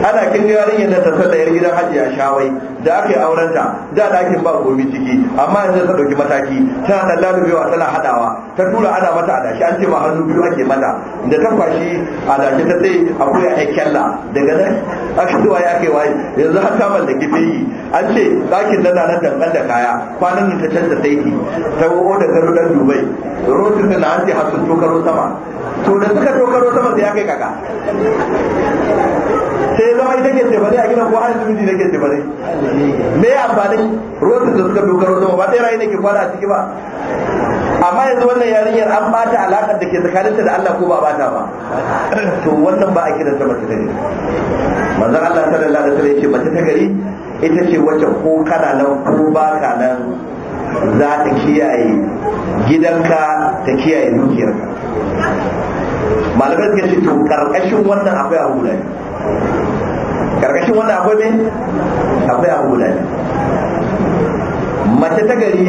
ana kin ga yarinyar ta sanda yar gidan hajiya shawai da aka yi auren ta da ɗakin ba gobe ciki amma yanzu ta dauki mataki tana nan lalubewa tana hadawa ta tura ana mata adashi an ce ma hannu biyu ake mata da ta kwashi adashi ta sai akwai a kyalla daga nan a zuwa ya kai waye yanzu har ta kife yi, an ce ɗakin nan nan kan da kaya kwanan nan ta canza saiti ta wo da garo dan dubai rotin da na ce hasu tokaro sama to da suka tokaro sama sai ya kai kaka sai zama ita ke tebare a gidan ko an zubi ne ke tebare me amfani? rotu da suka dogaro zama ba tsira ne ke kwana a ciki ba amma yanzu wannan yarinyar an bata alakar da ke tsakaninta da Allah ko ba bata ba to wannan ba a kiranta mace ta gari manzon Allah sallallahu alaihi wasallam ya ce mace ta gari ita ce wacce ko kana nan ko ba ka nan za ta kiyaye gidanka ta kiyaye dukiyarka malamai suka ce to karkashin wannan akwai abu da karkashin wani akwai ne akwai abu guda ne mace ta gari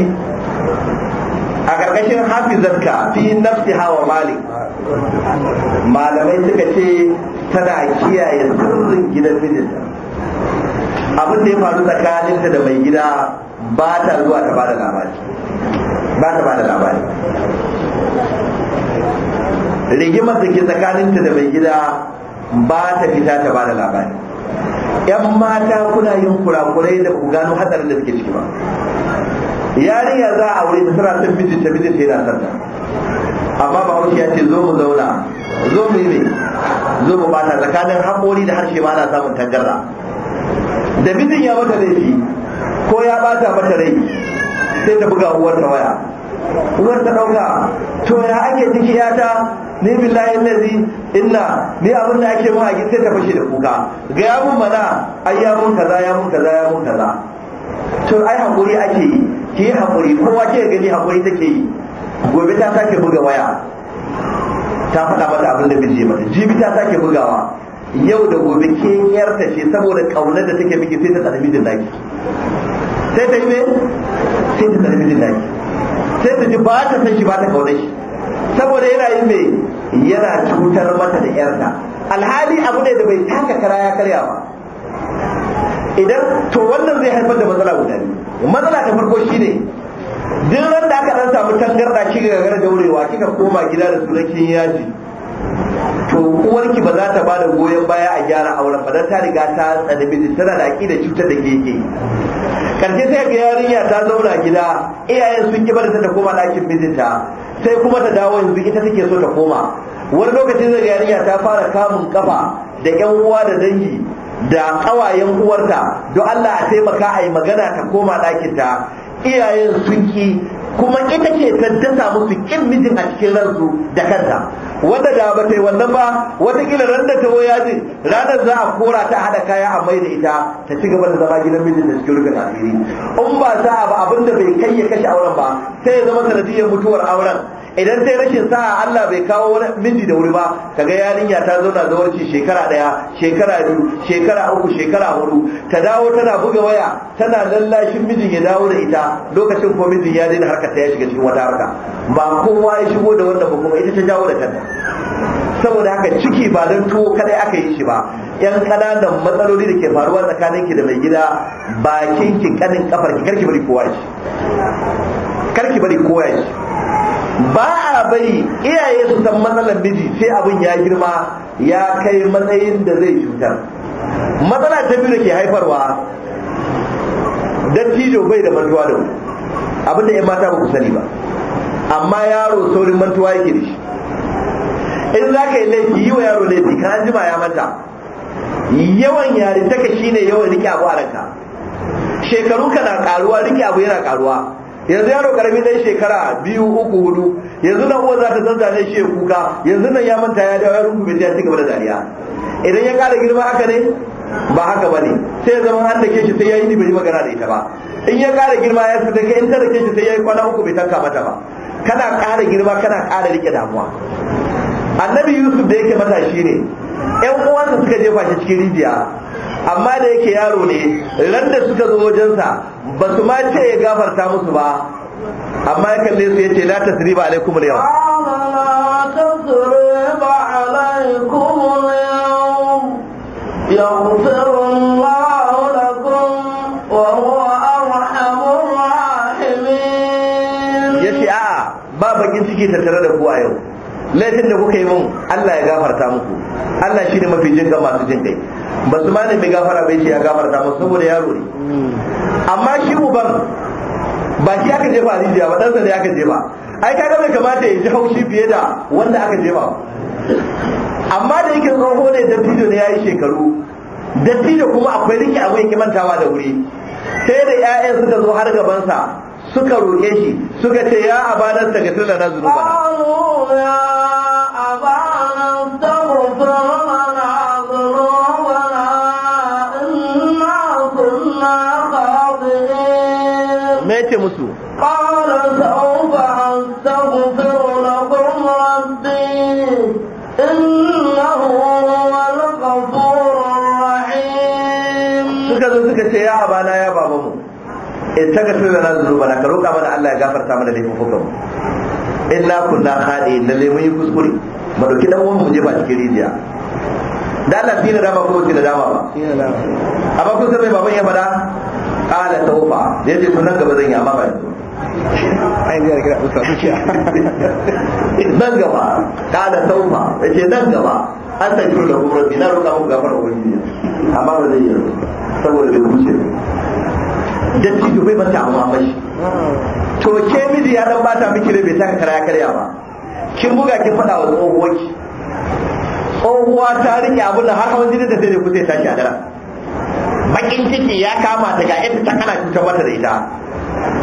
a karkashin hafizatka fi nafsi hawa malik malamai suka ce tana kiyaye sirrin gidan mijin abin da ya faru tsakaninta da mai gida ba ta zuwa ta ba da labari ba ta ba da labari rigimar da ke tsakaninta da mai gida ba ta fita ta ba da labari yan mata kuna yin kurakurai da ku gano hatsarin da suke ciki ba ya za a aure ta tana son mijinta mijinta ta yi ta amma ba haushi ya ce zo mu zauna zo mu yi ne zo mu bata tsakanin haƙori da harshe ba na samun tangarra da mijin ya mata laifi ko ya bata mata rai sai ta buga uwar ta waya uwar ta ɗauka to ya ake ciki ta? ni billahi allazi inna ni abin da ake ma a gitse ta fashe da kuka ga ya mun mana ai ya mun kaza ya mun kaza ya mun kaza to ai hakuri ake yi ki yi hakuri kowa ke gani hakuri take yi gobe ta sake buga waya ta faɗa mata abin da bai mata jibi ta sake bugawa yau da gobe ke yarta ce saboda kaunar da take miki sai ta tsarmi da zaki sai ta yi me sai ta tsarmi da zaki sai ta ji ba ta san shi ba ta kaunar shi saboda yana yin me yana cutar mata da yarta alhali abu ne da bai taka kara ya karya ba idan to wannan zai haifar da matsala guda ne matsala ta farko shine duk ran da aka dan samu tangarda kika gagara da wurewa kika koma gida da sunakin yaji to uwarki ba za ta ba da goyon baya a gyara auren ba dan ta riga ta tsada tana da aqida cutar da ke karshe sai ga yarinya ta zauna gida iyayen sun kibar da ta koma ɗakin mijinta sai kuma ta dawo yanzu ita take so ta koma wani lokacin zai ga yarinya ta fara kamun kafa da yan uwa da dangi da ƙawayen uwarta don Allah a taimaka a yi magana ta koma ta iyayen sun ki kuma ita ce ta dasa musu kin mijin a cikin ransu da kanta wanda da ba ta yi wannan ba watakila ran da ta waya ji ranar za a kora ta haɗa kaya a mai da ita ta ci gaba da zama gidan mijin da cikin rufin asiri in ba za'a ba abin da bai kai ya kashe auren ba sai ya zama sanadiyar mutuwar auren idan sai rashin sa'a Allah bai kawo wani miji da wuri ba ga yarinya ta zauna zawarci shekara daya shekara biyu shekara uku shekara hudu ta dawo tana buga waya tana lallashin mijin ya dawo da ita lokacin ko mijin ya daina harkar ta ya shiga cikin wata harka ba kowa ya shigo da wannan ba kuma ita ta jawo da kanta saboda haka ciki ba don tuwo kadai aka yi shi ba yan kananan matsaloli da ke faruwa tsakanin ki da mai gida bakin ki kanin kafar ki karki bari kowa shi karki bari kowa shi ba a bari iyaye su san matsalar miji sai abin ya girma ya kai matsayin da zai cutar matsala ta biyu da ke haifarwa dattijo bai da mantuwa da wuri abin da ya mata ba ku sani ba amma yaro saurin mantuwa yake da shi in za ka yi laifi yi wa yaro laifi ka jima ya mata yawan yari taka ne yawan rike abu a ranka shekaru na karuwa rike abu yana karuwa yanzu yaro karami dai shekara biyu uku hudu yanzu nan uwa za ta ne shi ya kuka yanzu nan ya manta ya dawo yaro kuma ya cigaba gaba da dariya idan ya kara girma haka ne ba haka ba ne sai ya zama an da shi sai ya yi ni bai magana da ita ba in ya kara girma ya fita kai in ta dake shi sai ya yi kwana uku bai tanka mata ba kana kara girma kana kara rike damuwa annabi yusuf da yake matashi ne yan uwansa suka jefa shi cikin rijiya amma da yake yaro ne ran da suka zo wajensa ba su ma ce ya gafarta musu ba amma ya kalle su ce la tasriba alaikum al yawm alaikum wa ba bakin ciki tattare da ku yau laifin da kuka yi mun Allah ya gafarta muku Allah shi ne mafi jinka masu jin kai ba su ma nemi gafara bai ce ya gafarta musu saboda yaro ne amma shi ban, ba shi aka jefa rijiya ba ɗansa ne aka jefa ai kaga bai kamata ya ji haushi fiye da wanda aka jefa amma da yake tsoho ne da dattijo ne ya yi shekaru da dattijo kuma akwai rike abin ki mantawa da wuri sai da 'ya'yan suka zo har gabansa suka roƙe shi suka ce ya abanar ta ga tuna na zunuba ce ya na ya mu in ta ga tuyo na zunuba na ka roƙa mana Allah ya gafarta mana laifukan mu kun kunna haɗe na mun yi kuskure mu dauki ɗan uwan mu je ba cikin rijiya da Allah fi na dama ko ki da dama ba a kun san mai baban ya fada ta tawfa da yace sunan gaba zan yi amma ba yanzu ai ga kira usta suciya nan gaba qala tawfa yace nan gaba an ta kiro da rabbi na roƙa muku gafara ubangiji amma ba zai yi saboda bai wuce. huce dattijo bai mata amma mashi to ke miji ya dan bata miki da bai taka kara karya ba kin buga ki fada wa tsohuwarki tsohuwa ta rike abin da haka wani da sai da kusa tashi a dara bakin ciki ya kama daga ga yadda ta kana cutar mata da ita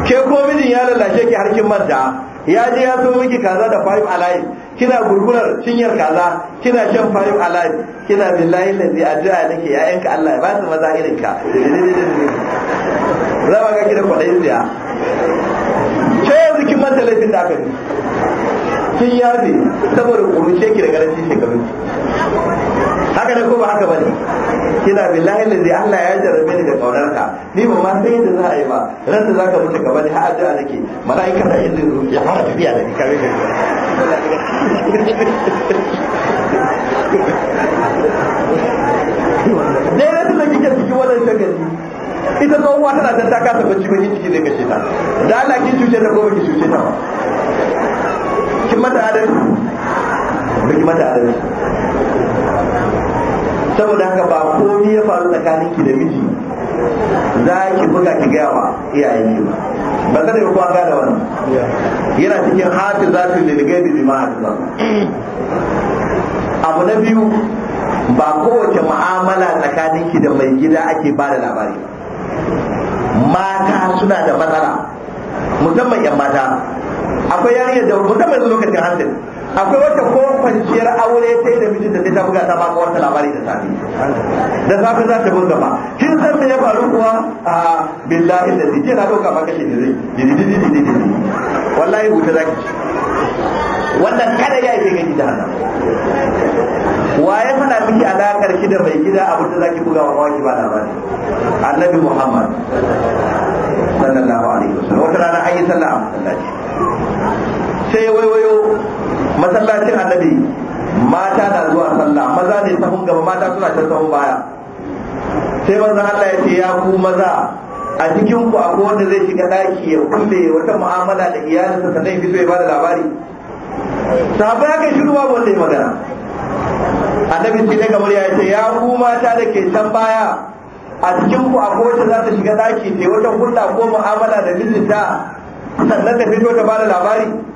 ke ko mijin ya lalace ki harkin manta ya je ya so miki kaza da five alive kina gurgurar cinyar kaza kina shan fayu alabi kina billahi lazi addu'a nake yayanka Allah ya ba su maza irin ka zama ga kina kwaɗayin siya ke yanzu kin mata laifin da aka yi kin yabe saboda ƙuruce ki da garanti shekaru haka ne ko ba haka bane kina billahi lazi Allah ya jarabe ni da kaunarka ni ba ma sai da za a yi ba ran da zaka mutu ka bani har a addu'a nake malaika da yin zuwa ya fara tafiya da kare ka ne ran da kike cikin wannan shagali ita tsohuwa tana ta ta kasa bacci bakin ciki zai kashe ta da Allah kin cuce ta ko baki cuce ta kin mata adalci baki mata adalci saboda haka ba komi ya faru tsakanin ki da miji za ki buga ki gaya wa iyayen ki ba kada yi ga da wannan yana cikin hatin za su lilgai da jima'a abu na biyu ba kowace ma'amala tsakanin ki da mai gida ake ba da labari mata suna da matsala musamman yan mata akwai yarinyar da musamman lokacin hatin akwai wata ko kwanciyar aure sai da mijin da sai ta buga ta ba ko wata labari da safi da safi za ta buga ba kin san me ya faru kuwa a billahi da zai na doka ba kashe ne zai wallahi wuta zaki wannan kada ya yi gani da hana wa ya fada miki alakar ki da mai gida abin da zaki buga wa wani ba labari annabi muhammad sallallahu alaihi wasallam wata rana an yi sallah a masallaci sai waiwayo masallacin annabi mata na zuwa sallah maza ne sahun gaba mata suna can sahun baya sai manzon Allah ya ce ya ku maza a cikin ku akwai wanda zai shiga daki ya kulle wata mu'amala da iyalinsa sannan ya fito ya bada labari ya kai shiru babu wanda ya magana annabi sai daga murya ya ce ya ku mata da ke can baya a cikin ku akwai wanda za ta shiga daki ne wata hulɗa ko mu'amala da mijinta sannan ta fito ta bada labari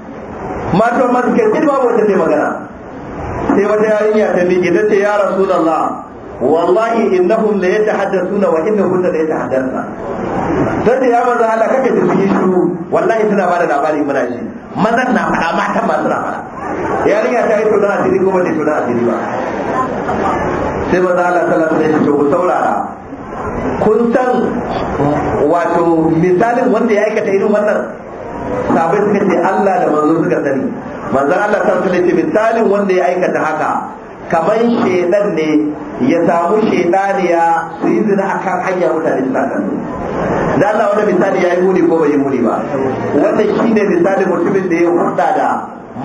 Mato masu kirkin babu wata sai magana sai wata yarinya ta da ta ce ya rasulallah wallahi innahum la yatahaddathuna wa innahum la yatahaddathuna sai da ya maza Allah kake da cikin shi wallahi suna bada labari muna shi mazan na fada matan masu na yarinya ta yi tona asiri ko ba ta tona asiri ba sai maza Allah sallallahu alaihi wasallam ku saurara kun san wato misalin wanda ya aikata irin wannan sabai suka ce Allah da manzo suka sani manzo Allah sai alaihi ce misalin wanda ya aikata haka kamar shedan ne ya samu shedaniya su yi zina akan hanya mutane su kan da Allah wanda misali ya yi muni ko bai yi muni ba wannan shine misali mutumin da ya hurda da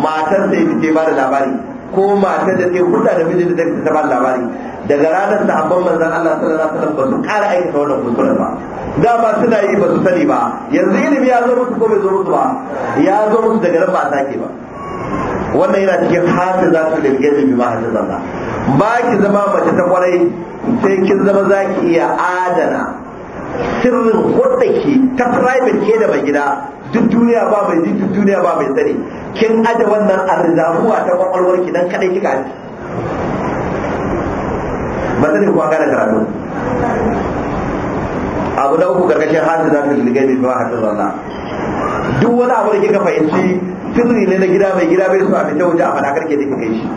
matar sai ta ba da labari ko matar da ta hurda da mijin da ta ba da labari daga ranar da abban manzan Allah ta zara ta ba su ƙara aikata wannan kuskure ba da ba suna yi ba su sani ba yanzu ilimi ya zo musu ko bai zo musu ba ya zo musu daga nan ba a sake ba wannan yana cikin hafi za su dalge da ba a zanna ba ki zama mace ta kwarai sai kin zama za ki iya adana sirrin hudaki ta private ke da mai gida duk duniya ba mai ji duk duniya ba mai sani kin aje wannan arzamuwa ta ki dan kadai kika ji bata ne kuma gane karatu abu da uku karkashin hasi za ta shirga ne ba hasi zanna duk wani abu da kika fahimci sirri ne na gida mai gida bai su a fita waje a faɗa karke da kai shi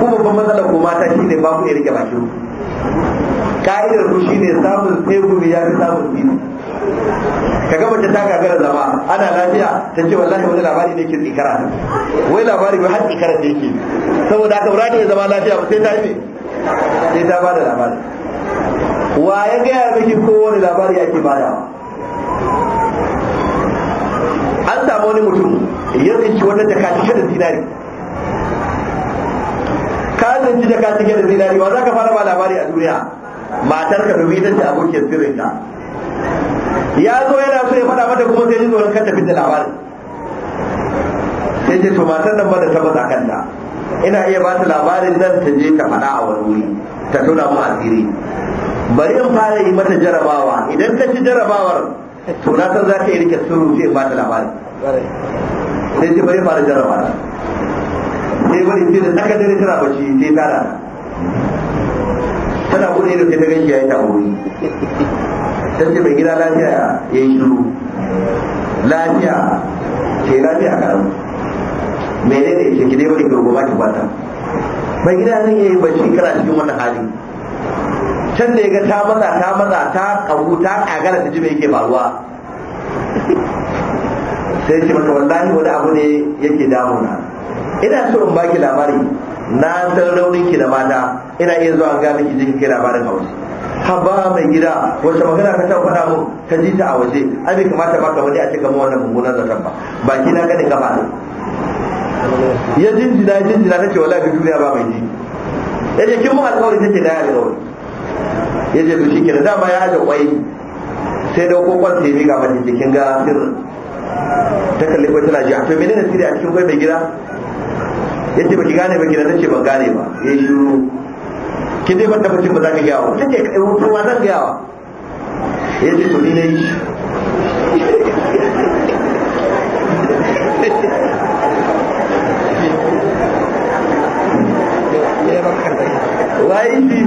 ko babban matsala ko mata shi ne babu ku iya rike ka'idar ku shi ne samun tegu ya fi samun biyu ka ga ta taka gara zama ana lafiya ta ce wallahi wani labari ne ke tsikara wai labari mai har tsikara da yake saboda haka wurare ya zama lafiya ba sai ta yi ne sai ta bada labari wa ya gaya miki kowane labari ake baya an samu wani mutum ya tsinci wata jaka cike da zinari ka tsinci jaka cike da zinari wa za ka fara ba labari a duniya matar ka domin ita ce abokin sirrinka ya zo yana so ya faɗa mata kuma sai ji tsoron kan tafi da labarin sai ce to matar nan ba da tabbata kanta ina iya ba ta labarin nan ta je ta faɗa a wani ta tuna mu asiri bari in fara yi mata jarabawa idan ka ci jarabawar to na san za ta yi rike suru sai ba ta labari sai ce bari fara jarabawa sai bari ce da tsaka dare tana bacci sai tara tana bude da sai ta ya yayi ta wuri sai ce mai gida lafiya ya yi shiru lafiya ke lafiya karamu menene shi ki dai bari gurguma ki bata mai gida zan iya yi shi kana cikin wannan hali can da ya ga ta maza ta maza ta kagu ta kagara da ji me yake faruwa sai ce mata wallahi wani abu ne yake damuna ina so in baki labari na san raunin ki da mata ina iya zuwa ga miki jin kai labarin hausa haba mai gida wata magana ka ta faɗa mun ta ji ta a waje ai bai kamata ba ka wani a cikin wannan mummunan zaton ba baki na gani gaba ya jinjina jinjina ta ce wala duk duniya ba mai ji ya ce kin mun alƙawari ta ce na ya ya ce to shikenan da dama ya haɗa kwai sai da kokon sai ga mai jikin ga sir ta kalli kwai tana a to menene sirri a cikin kwai mai gida ya ce baki gane ba gida ta ce ban gane ba ya yi shiru kin dai ban tabbacin ba za ka gaya wa ta ce to wa zan gaya wa ya ce to ni ne shi ya yi maka waye shi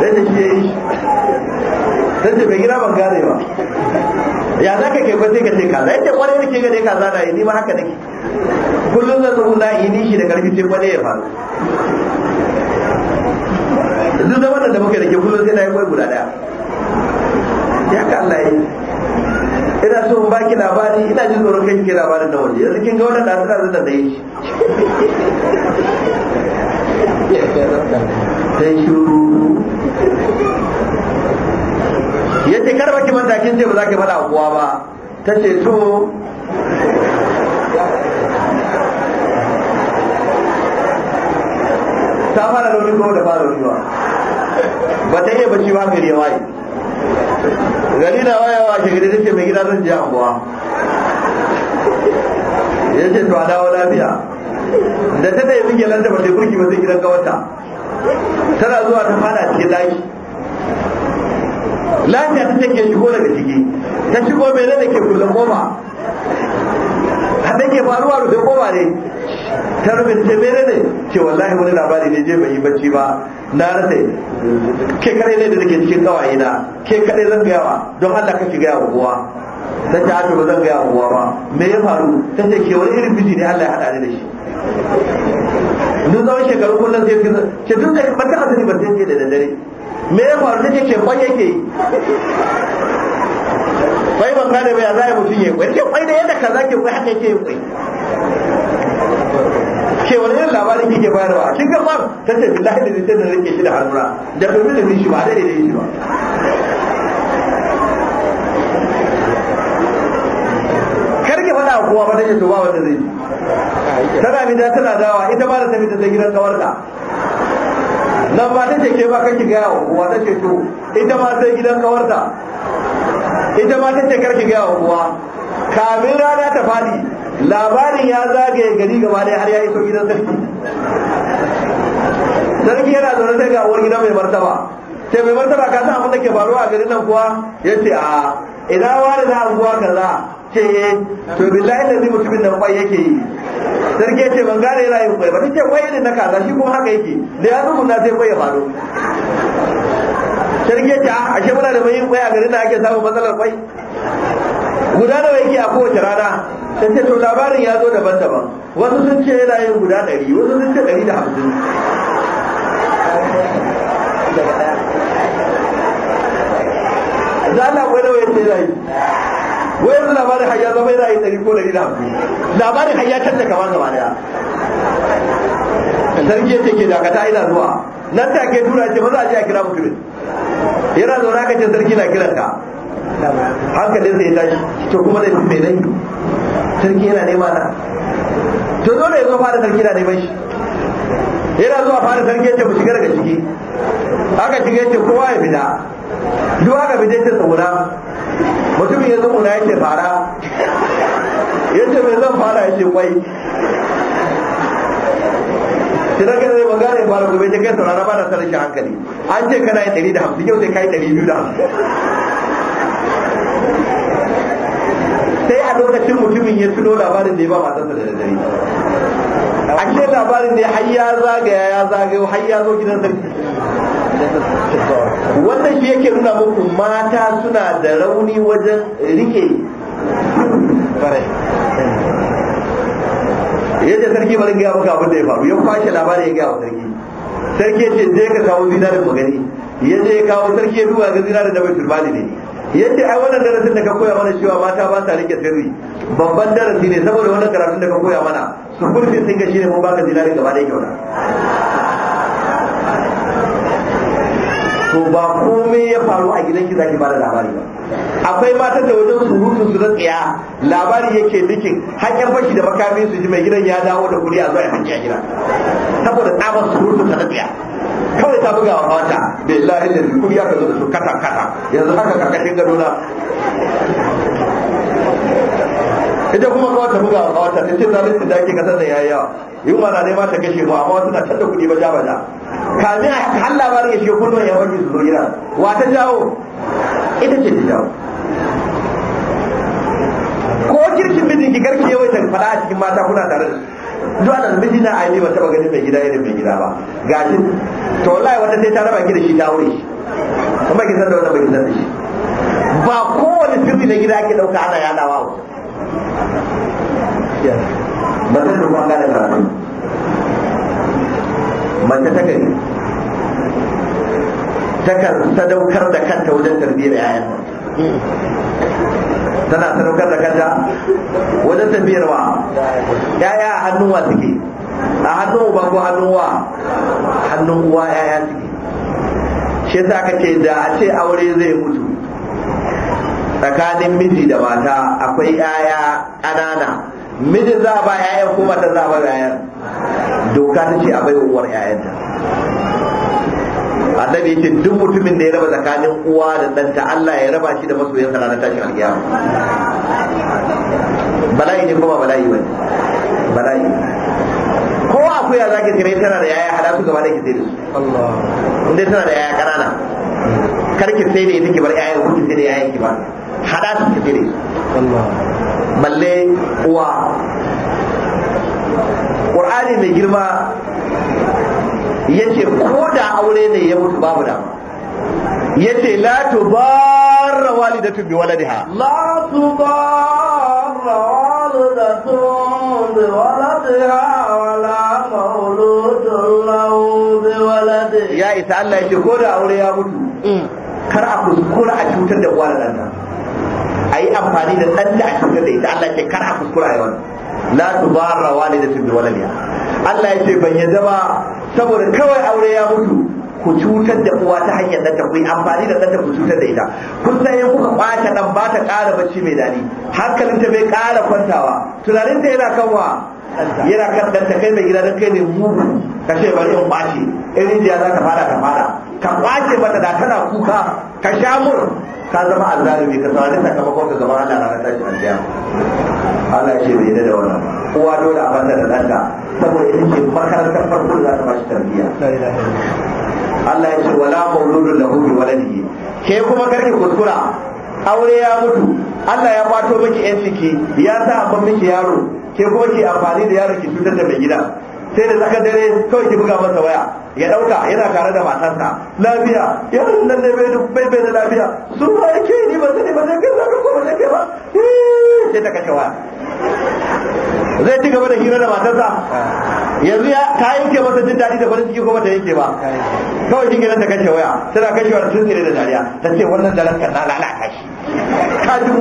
da shi ya yi sai da bai gina ban gane ba ya za ka kai sai ka ce yadda kwarai da ke gane na yi ni ma haka nake kullum zan na yi nishi da karfi sai kwarai ya faru duk zaman da muka da ke kullum sai na yi kwai guda daya ya ka Allah yi ina so in baki labari ina jin tsoron kai ke labarin da waje yanzu kin ga wannan da suna zan da yi sai shuru ya ce ki manta kin ce ba za ki faɗa ba ta ce to ta fara launi ko da fara ba ba ta ba gari waye gari na waye wa shi gari mai gida zan je anguwa ya ce to a dawo lafiya da ta tsaye zige lanta ba ta burki ba sai gidan gawarta tana zuwa ta fara cikin laki lafiya ta take shigo daga ciki ta shigo mai da ke kullum goma a da ke faruwa rufe goma ne ta rufe ta mere ne ce wallahi wani labari ne je mai yi bacci ba na rasa ke kare ne da ke cikin kawai na ke kare zan wa? don Allah ka shiga yawa kuwa ta ce haka ba zan gaya uwa ba me ya faru ta ce ke wani irin miji ne Allah ya haɗa ni da shi duk tsawon shekaru kullum sai ki ce duk da ba ta asali ba sai ce da daddare me ya faru ta ce ke kwan yake yi kwai ban gane ba ya za a yi mutum ya kwai ce kwai da yadda kaza ke kwai haka yake kwai ke wani irin labarin kike bayarwa kin ga ma ta ce billahi da zai da rike shi da harura da bi da shi ba da da shi ba faɗa kowa ba take to ba wanda zai yi tana mi da tana dawa ita ba da sami ta gidan kawarta nan ba take ke ba kake gaya wa kowa take to ita ma sai gidan kawarta ita ma take karki gaya wa kowa kamin rana ta faɗi labarin ya zagaye gari gaba ɗaya har ya iso gidan sarki sarki yana zaune sai ga uwar gidan mai martaba sai mai martaba ka san abin da ke faruwa a garin nan kuwa ya ce a ina wani na anguwa kaza ce eh, to billahi da zai mutumin da kwai yake yi sarki ya ce ban gane yana yin kwai ba ta ce kwai ne na kaza shi kuma haka yake da ya rubu na sai kwai ya faru sarki ya ce a ah, ashe muna da mai kwai a garin da ake samun matsalar kwai guda nawa yake a kowace rana sai ce to labarin ya zo daban-daban wasu sun ce yana yin guda ɗari wasu sun ce ɗari da hamsin za a kwai nawa ya ce yana yi wai yanzu labarin hayya zama yana yi ɗari ko ɗari da hamsin labarin hayya canza kama gaba daya sarki ya ce ke kata ina zuwa nan ta ke tura ce maza a jiya kira mutum yana zaune aka ce sarki na ka hankalin sai ya tashi to kuma da mai nan sarki yana nema na to dole ya zo fara sarki na neman shi yana zuwa fara sarki ya ce mu shiga daga ciki aka shiga ya ce kowa ya fita duk aka fita ya ce saura mutum ya zama na yake fara ya ce mai zan fara ya ce kwai shi ka zai magana ya fara gobe ta kai saurara ba na sanar shi hankali an ce kana yi ɗari da hamsin yau sai kai ɗari biyu da sai a lokacin mutumin ya tuno labarin da ya ba matarsa da a ce labarin da ya ya zagaya ya zagayo har ya zo gidan sarki wannan shi yake nuna muku mata suna da rauni wajen rike yadda sarki bari gaya maka abin da ya faru yau kwashe labari ya gaya wa sarki sarki ya ce je ka kawo zinarin magani ya ya kawo sarki ya duba ga zinarin da mai turbani ne yadda ai wannan darasin da ka koya mana cewa mata ba sa rike sirri babban darasi ne saboda wannan karatun da ka koya mana su kurfi sun ga ne mun baka zinarin gaba da kyauta to ba komai ya faru a gidanki zaki bada labari ba akwai matan da wajen surutu su tsaya labari yake likin hanyar fashi da makami su ji mai gidan ya dawo da kuɗi a zuwa ya hanci a gida saboda tsabar surutu ta tsaya kawai ta buga wa wata billahi da kuɗi aka zo da su kata kata yanzu haka karkashin gado na ita kuma kawai ta buga kawata ta ce zalunci da ake kasa da yi yunwa ne ma ta kashe mu amma wasu na canza kuɗi ba ja kamin a kan labarin ya shekun nan ya wanke su zurira wa ta jawo ita ce ta jawo ko kirkin mijin ki garki yawai ta fada a cikin mata kuna tare duk da miji na aini ba taba ganin mai gida irin mai gida ba gashi to wallahi wata sai ta raba ki da shi ta wuri kuma ki san da wata ba san da shi ba kowane sirri na gida ake dauka ana yadawa gaskiya mace ta kuma gane karatu mace ta gari takan sadaukar da kanta wajen tarbiyyar yayan tana sadaukar da kanta wajen tarbiyyar wa yaya a hannun wa suke a hannun uba ko hannun wa hannun uwa yaya suke shi yasa aka ce da a ce aure zai mutu tsakanin miji da mata akwai yaya ƙanana mijin za a ba yayan ko mata za a ba yayan doka ta ce a bai uwar ta annabi yace duk mutumin da ya raba tsakanin uwa da ɗanta Allah ya raba shi da sa ranar tashin alƙiyama bala'i ne kuma bala'i bane bala'i kowa akuya za ki tare tana da yaya hada su gaba da ki sai da su inda tana da yaya ƙanana kar ki sai da ita ki bar yayan ku ki sai da yayan ki ba hada su ki sai da balle uwa ƙur'ani mai girma yace ko da aure ne ya mutu babu da yace la tubarra walidatu bi waladiha la tubarra walidatu bi waladiha wala mawludun lahu bi waladihi ya isa Allah yace ko da aure ya mutu mm. kar a kuskura a cutar da uwar nan a yi amfani da ɗan da a da ita Allah ke kar a kuskura a wani la ne da bi waladiha Allah ya ce ban ya zama saboda kawai aure ya mutu ku cutar da uwa ta hanyar ɗanta ku yi amfani da ɗanta ku cutar da ita kun san yin kuka ɓata ɗan ba ta ƙara bacci mai daɗi ta bai ƙara kwantawa ta yana kanwa yana kan ɗanta kai mai gida don kai ne mu ka ce bari in ɓaci in rijiya za ka fara ka fara ka kwace mata da tana kuka ka sha mur ka zama azzalumi ka saurari sakamakon ka zama Allah ranar tashi aljiya Allah ce bai da wannan kowa dole a banda da lanta saboda yin ce makarantar farko da za ta bashi tarbiyya Allah ya ce wala mauludun lahu bi waladihi ke kuma karki kuskura aure ya mutu Allah ya kwato miki yan ciki ya sa abin miki yaro ke kuma ki amfani da yaro ki cutar da mai gida sai da zaka dare kawai ki buga masa waya ya dauka yana tare da matarsa lafiya ya nan ne bai bai da lafiya su ba yake ni ba zai ba zai ga zaka ko ba zai kai ba sai ta kace waya zai ci gaba da hira da matarsa yanzu ya ta yanke masa jin dadi da farin ciki ko bata yanke ba kawai kin gidan ta kashe waya tana kashewa sun tsire da dariya ta ce wannan daren ka na lalata shi ka ji ya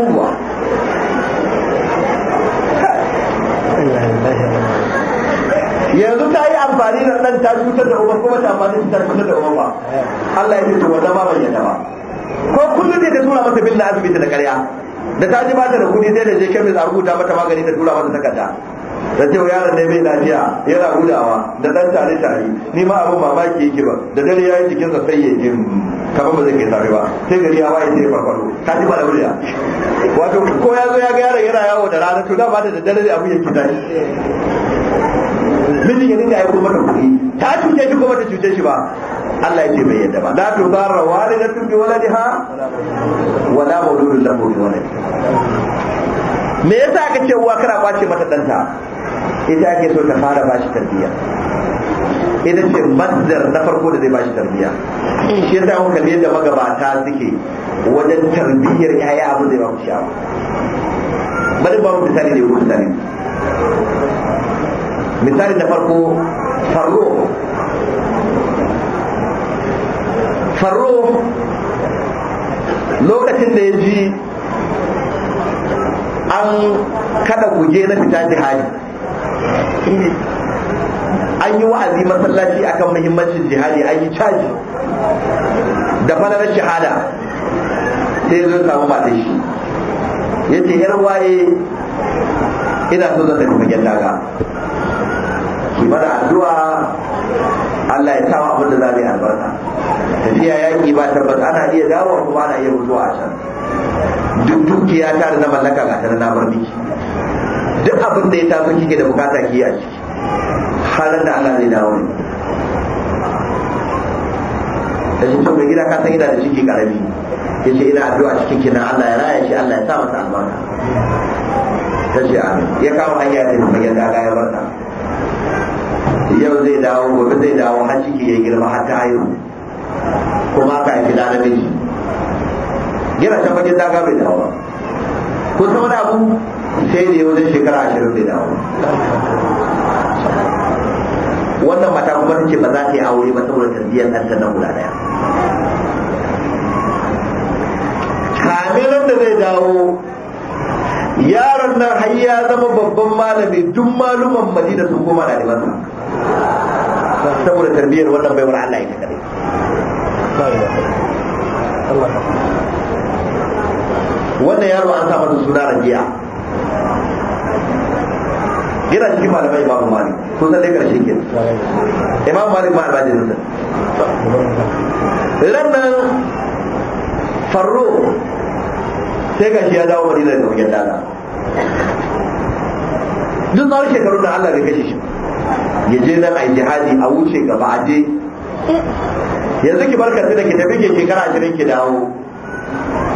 yanzu ta yi amfani da ɗan ta cutar da uban kuma ta amfani da cutar da uban ba Allah ya ce to wannan ba bayyana ba ko kullum ne da tura masa bin na asibiti da ƙarya da ta ji ba ta da kuɗi sai da je kemis a rubuta mata magani da tura mata takarda da wa yaron ne mai lafiya yana gudawa da ɗan tare tare ni ma abin mamaki yake ba da dare ya yi sa sai ya yi kamar ba zai ke safe ba sai gari ya waye sai farfaro ta ji ba da wuya wato ko ya zo ya ga yaron yana yawo da rana to da ba da dare abin yake tare mijin ya dinga aiko mata kuɗi ta cuce shi ko bata cuce shi ba Allah ya ce bai yadda ba la tudarra walidatun bi waladiha wala mawludun lahu bi wani. me yasa aka ce uwa kana kwace mata danta ita ake so ta fara ba shi tarbiyya ita ce mazdar na farko da zai ba shi tarbiyya shi yasa kuka ne da magabata suke wajen tarbiyyar yaya abu zai ba ku sha'awa bari ba mu misali ne ko misali misali da farko farro farro lokacin da ya ji an kada kuje na fita jihadi an yi wa'azi masallaci akan muhimmancin jihadi an yi caji da fararar shahada sai zo samu mata shi ya ce yar waye ina so zan tafi fagen daga ki mana addu'a Allah ya tawa abin da za mu yi albarka tafiya yaƙi ba tabbas ana iya dawowa kuma ana iya mutuwa a can duk dukiya ta da na mallaka ga ta na bar miki duk abin da ya taso kike da bukata ki a ciki halin da Allah zai dawo ne da shi mai gida ka san yana da ciki karami ya ce ina addu'a cikin kina Allah ya raya shi Allah ya sa masa albarka ta ce amin ya kawo hanya da mai yadda ga ya barka yau zai dawo gobe zai dawo har ciki ya girma har ta haihu kuma ka yi da miji gina ta fage ta bai dawo ba kun san wani abu sai ne wajen shekara ashirin bai dawo wannan mata kuma ta ce ba za ta yi aure ba saboda tarbiyyar ta na guda ɗaya kamilin da zai dawo yaron nan har ya zama babban malami duk maluman madina sun koma limanta saboda tarbiyyar wannan baiwar Allah ya kadai wannan yaro an sa masa suna rajiya yana cikin malamai imamu mali ko san dai karshe ke imamu malik ma albajirin sa lannan farro sai ga shi ya dawo madina da wajen dana duk tsawon shekaru da Allah bai kashe shi ya je nan a yi jihadi a wuce gaba a je yanzu ki barka da ki tafi ke shekara ashirin ki dawo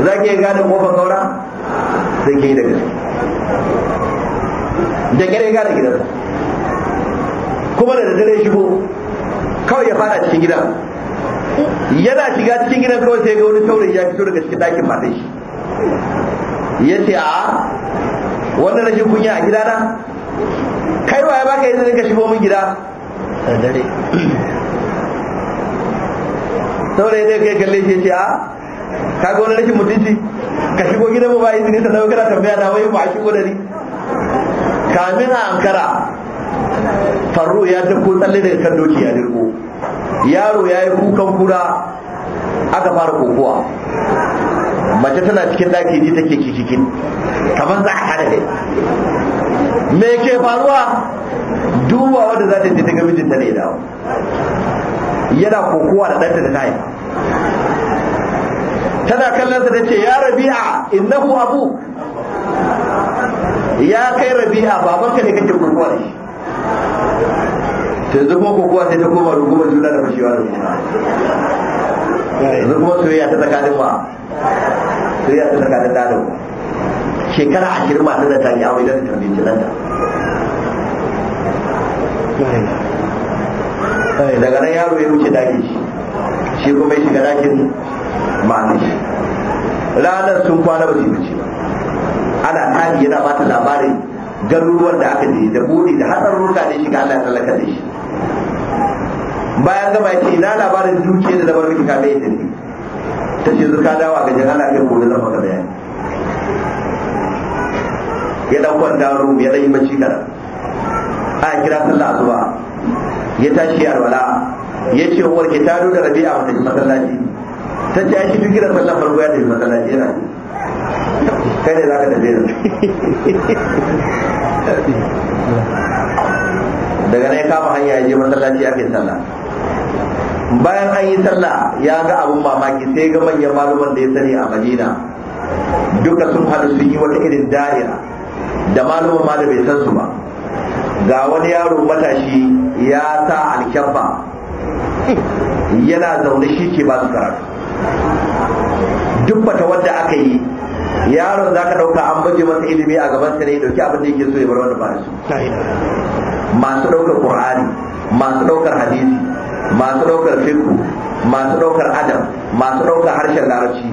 za ki gane kofar saura? sai ki yi da gaske da gare gane gidansa kuma da dare shigo kawai ya fara cikin gidan yana shiga cikin gidan kawai sai ga wani saurayi ya fito daga cikin ɗakin matan shi ya ce a wannan rashin kunya a gidana kai waya baka izinin ka shigo min gida da dare saurayi zai kai kalle shi ce a ah, ka ga wani rashin mutunci ka shigo gidan mu ba izini ta kana tambaya da wai ba shigo da ni kamin a ankara farro ya tafko tsalle daga kan doki ya dirgo yaro ya yi kukan kura aka fara kokowa mace tana cikin daki ji take kikikin kamar za a hada me ke faruwa duwa wadda za ta yi ta ga mijinta ne dawo yana kokowa da ɗanta da tayi tana kallon sa tace ya rabi'a innahu abu ya kai rabi'a babanka ne kake kokowa da shi yanzu kuma kokowa sai ta koma rugumar juna da fashewa da juna yanzu soyayya ta tsakanin ma soyayya ta tsakanin dalibin shekara a girma da ta yi aure da ta tarbiyyar da. Eh, daga nan yaro ya wuce daji shi kuma ya shiga dakin ma'anin shi ranar sun kwana ba su wuce ana tari yana ba ta labarin garuruwan da aka je da buɗe da ruka ne shiga Allah ya tsallaka da shi bayan gama ce ina labarin dukiya da labarin kika mai tafi ta ce zuka dawa ga jan ana kai gobe zama ka bayani ya dan kwanta ruru ya dan yi bacci kana a kira sallah asuba ya tashi ya wala. ya ce uwar ke ta da rabi'a wata ji masallaci ta ce shi duk gidan sallah farko ya tafi masallaci yana kai ne za ka tafi yanzu daga nan ya kama hanya ya je masallaci ake sallah bayan an yi sallah ya ga abun mamaki sai ga manyan maluman da ya sani a madina duka sun hadu sun yi wata irin da'ira da maluma ma da bai san su ba ga wani yaro matashi ya sa alkyabba yana zaune shi ke ba su karatu duk bata wanda aka yi yaron za ka ɗauka an baje masa ilimi a gaban sa ne ya ɗauki abin da yake so ya bar wani ba su masu ɗaukar ƙur'ani masu ɗaukar hadisi masu ɗaukar fiqh masu ɗaukar adam masu ɗaukar harshen larabci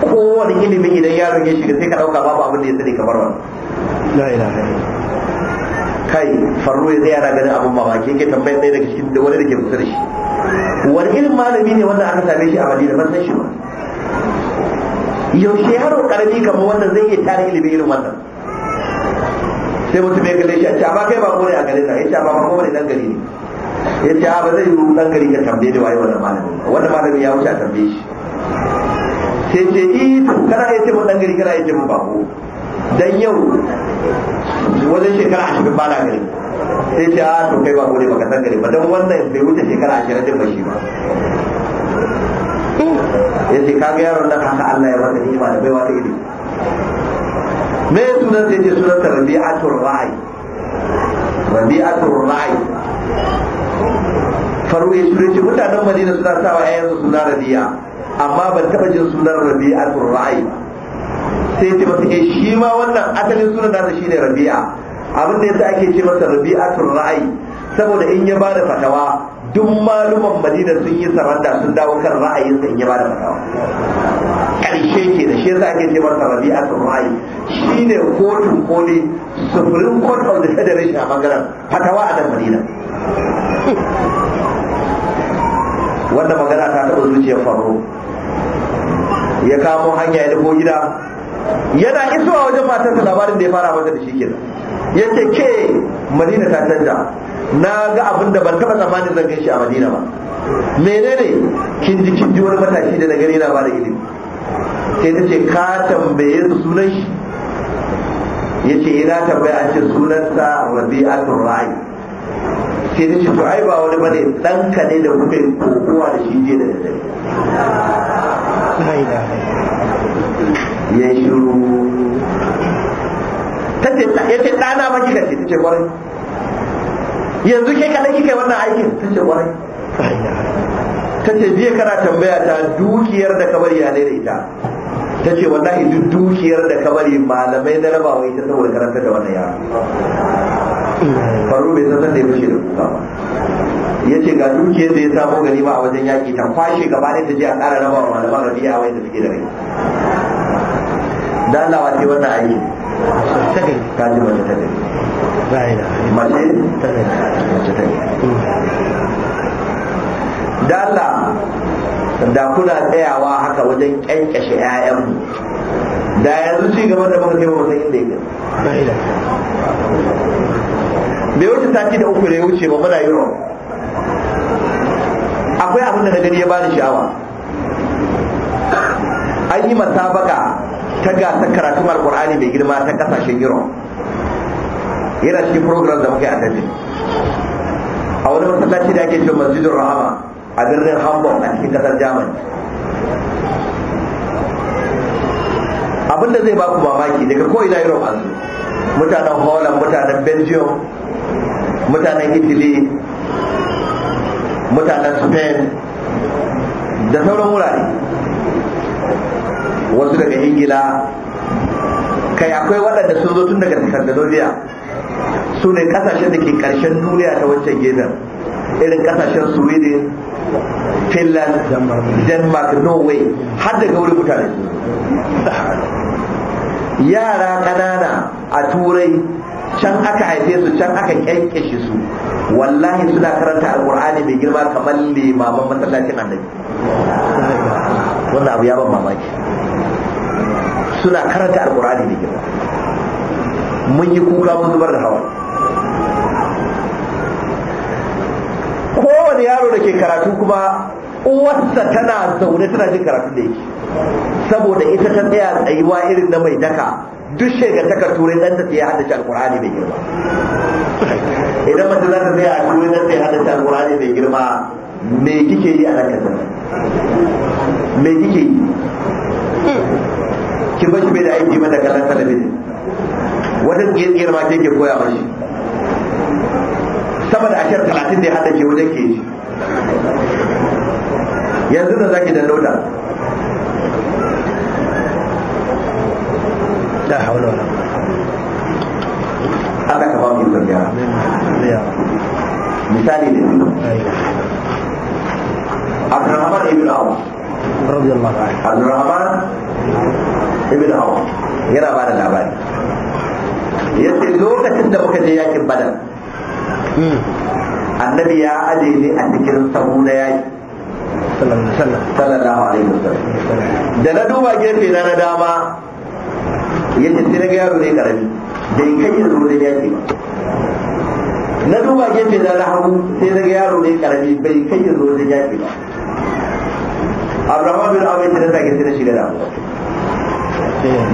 kowane ilimi idan yaron ya shiga sai ka ɗauka babu abin da ya sani ka bar wani. la ilaha kai farro ya tsaya ganin abin mamaki yake tambayar ɗaya daga cikin da wani da ke kusa da shi wani irin malami ne wanda aka same shi a madina ban san shi ba yaushe yaro karami kama wanda zai iya tare ilimin irin wannan sai mutum ya kalle shi a ce kai ba kone a garin nan ya ce ba ba kowane dan gari ne ya ce ba zai yi dan gari ka tambaye da wani wannan malami wannan malami ya wuce a tambaye shi sai ce yi kana ya ce mun dan gari kana ya ce mun bako dan yau wajen shekara ashirin ba na gari sai ce a to kai ba ko ne baka san gari ba dan wannan bai wuce shekara ashirin din ba shi ba ya ce kaga yaron da haka Allah ya masa hikima da baiwa ta ilimi me sunan sai ce sunan ta rabi'atul ra'i rabi'atul ra'i faru ya shirye ce mutanen Madina suna sawa ƴaƴansu suna rabi'a amma ban taɓa jin sunan rabi'atul ra'i ba sai ce masa eh shi ma wannan asalin sunan nasa shine rabi'a abin da yasa ake ce masa rabi'atul ra'ayi saboda in ya bada fatawa duk maluman madina sun yi saranda sun dawo kan ra'ayinsa in ya bada fatawa karshe ke da shi yasa ake ce masa rabi'atul ra'ayi shine kotun koli supreme court of the federation a maganar fatawa a nan madina wanda magana ta taɓa zuciyar faru ya kamo hanya ya dubo gida yana a wajen matarsa labarin da ya fara mata da shi kenan yace ke madina ta tanda na ga abin da ban taba tsammanin zan gan shi a madina ba menene kin ji kin ji wani matashi da na gani na da ilimi sai ta ce ka tambaye sunan shi yace ina eh, tambaya a ce sunansa rabi'atul ra'i sai ta ce to ai ba wani bane dan ka ne da kuka kokowa da shi je da dare ya shiru ya ce ɗana ma kika ce ta ce ƙwarai yanzu ke kaɗai kika yi wannan aikin ta ce ƙwarai ta ce biya kana tambaya ta dukiyar da kamar ya da ita ta ce wallahi duk dukiyar da kamar malamai na raba wai ta saboda karanta da wannan yara faru bai san da ya fushe da kuka ba ya ce ga dukiyar da ya samu gani ba a wajen yaƙi ta kwashe gaba ɗaya ta je a ƙara raba wa malaman a wai da suke da rai da Allah wa wannan ayi ta ji mace ta gari mace ta take da Allah da kuna tsayawa haka wajen kyankyashe 'ya'yanmu da yanzu ci gaba da muka kai wa wata inda ya bai wuce sati da uku da ya wuce ba muna yuro akwai abin da na gani ya bani sha'awa an yi masabaka ta gasar karatun alkur'ani mai girma ta kasashen yiro yana cikin program da muke yi a tajin a wani masallaci da ake cewa masjidin rahama a birnin hamburg a cikin kasar germany abinda zai baku mamaki daga na yiro an mutanen holland mutanen belgium mutanen italy mutanen spain da sauran wurare wasu daga ingila kai akwai waɗanda sun zo tun daga sandalodiya su ne kasashen da ke ƙarshen duniya ta wancan gefen irin kasashen sweden finland denmark norway har daga wuri mutane yara ƙanana a turai can aka haife su can aka kyankyashe su wallahi suna karanta alkur'ani mai girma kamar limaman masallacin annabi wannan abu ya ban mamaki suna karanta alkur'ani da girma mun yi kuka mun zubar da hawa kowane yaro da ke karatu kuma uwarsa tana zaune tana jin karatu da yake saboda ita ta tsaya tsayuwa irin na mai daka duk shekartakar turai ɗan ta tsaya shi alkur'ani mai girma idan mace za ta tsaya a turai ɗan tsaya shi alkur'ani mai girma me kike yi a nan kasar me kike yi ki shi bai da aiki mata kallon talabijin wata tsiyar ma ke koya ba shi sama da ashirin talatin da ya hada ke wajen ke shi yanzu da zaki da loda da haula Allah ka ba mu ikon gyara misali da biyu Abdurrahman ibn Awf رضي الله عنه عبد الرحمن ابن عوف yana ba da labari ya ce lokacin da muka je yakin badar hmm. annabi ya aje ni a cikin sahu na yaki sallallahu alaihi wasallam da na duba gefe na na dama ya ce sai na ga yaro ne karami bai kai ya zo da yaki ba na duba gefe na na hagu sai na ga yaro ne karami bai kai ya zo da yaki ba abdurrahman bin abu ya zage sai na shiga da abu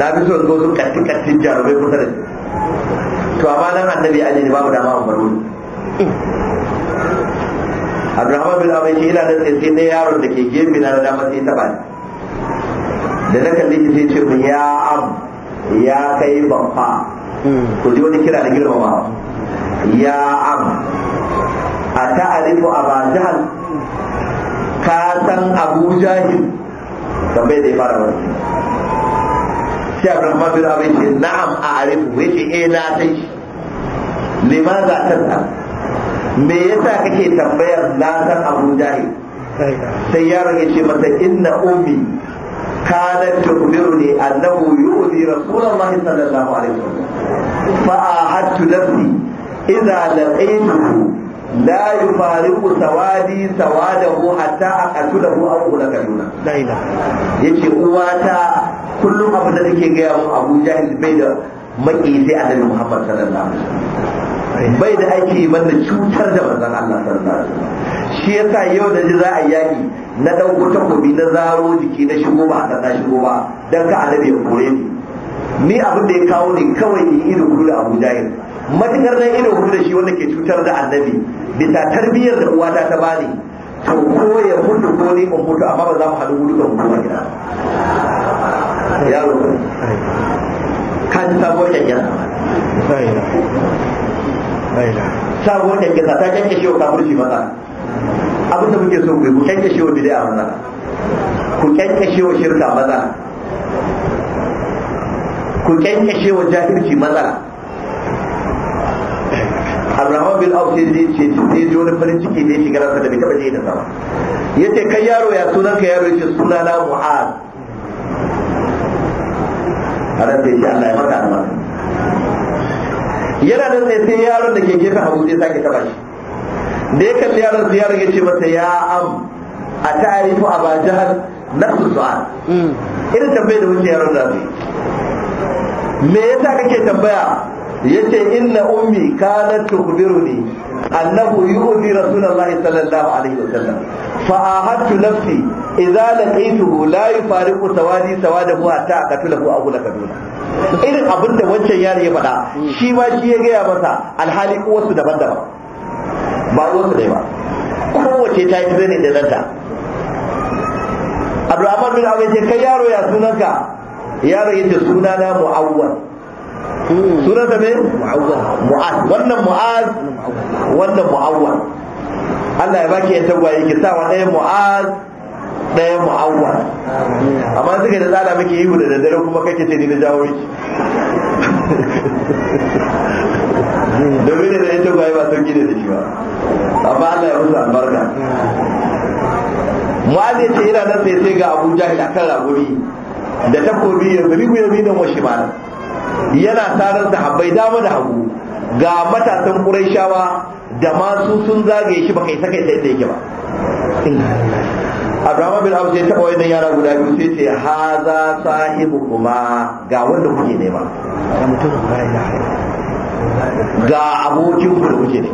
na fi so zo sun karti kartin jarumai kusa da su to amma nan annabi ya ne babu dama a baro abdurrahman bin abu ce ina da tsaye na yaron da ke gefe na dama sai ta bani da na kalli shi sai ce mu ya am ya kai babba ku ji wani kira da girmama ya am a ta'arifu a ba jihar ka san abu jahil tambaye da ya fara wani shi abu rahman bin abu shi na'am a arifu ya ce eh na san shi ne ma za ta ta me yasa kake tambayar na san abu jahil sai yaron ya ce masa inna umi kanat tu'miru ni annahu yu'zi rasulullahi sallallahu alaihi wa sallam fa ahadtu ina da laqaytuhu la yufariqu sawadi sawadahu hatta aqatulahu aw ulakaduna la ilaha yace ta kullum abin da take gaya mu Abu Jahil bai da maki sai annabi Muhammad sallallahu alaihi wasallam bai da ake banda cutar da manzon Allah sallallahu alaihi wasallam shi yasa yau da ji za a yaki na dauko takobi na zaro jiki na shigo ba a shigo ba dan ka annabi ya kore ni abin da ya kawo ni kawai in irin kula Abu Jahil matukar na ido hudu da shi wanda ke cutar da annabi bisa tarbiyyar da uwata ta bani to ko ya hudu ko ne in hudu amma ba za mu haɗu hudu hudu mutu gida ya ka ji sabuwar kyankyasa sabuwar kyankyasa ta kyankyashe wa shi maza abinda muke so ku kyankyashe wa a maza ku kyankyashe wa shirka maza ku kyankyashe wa jahilci maza Abdurrahman bin Auf sai je ce sai je wani farin ciki ne shiga ransa da bai taba je da sa yace kai yaro ya sunan ka yaro yace suna na Mu'az ana sai ce Allah ya maka albarka yana nan sai sai yaron da ke gefe Abu sai sake taba shi da ya kalli yaron sai yaron ya ce masa ya am a ta'arifu a bajahar nafsu su'al hmm. irin tambayar da wuce yaron da zai me yasa kake tambaya yace inna ummi kanat tukhbiruni annahu yu'di rasulullahi sallallahu alaihi wasallam fa ahadtu nafsi idza laqituhu la yufariqu sawadi sawadahu hatta aqtulahu abu lakaduna irin abinda wancan yare ya faɗa shi ma shi ya gaya masa alhali uwarsu daban-daban ba uwarsu dai ba kowace ta yi training da zanta abdulrahman bin abin ce kai yaro ya sunanka yaro yace sunana mu'awwal Sunan da ne mu'az wannan mu'az wannan mu'awwal Allah ya baki ya tagwaye ki sa wa ɗaya mu'az ɗaya mu'awwal amma suka da tsada muke yi da daddare kuma kake ce ni na jawo ki domin da yan tagwaye ba sauki da shi ba amma Allah ya musu albarka mu'az ya ce ina nan sai sai ga Abu Jahil akan raguri da takobi ya zuri bi da washi malam yana tarar da habbai dama da hagu ga matasan ƙuraishawa da masu sun zage shi baka isa kai sai da yake ba Abraham bin Abu sai taba wannan yara guda biyu sai ce haza sahibu kuma ga wanda kuke nema ga abokin ku da kuke ne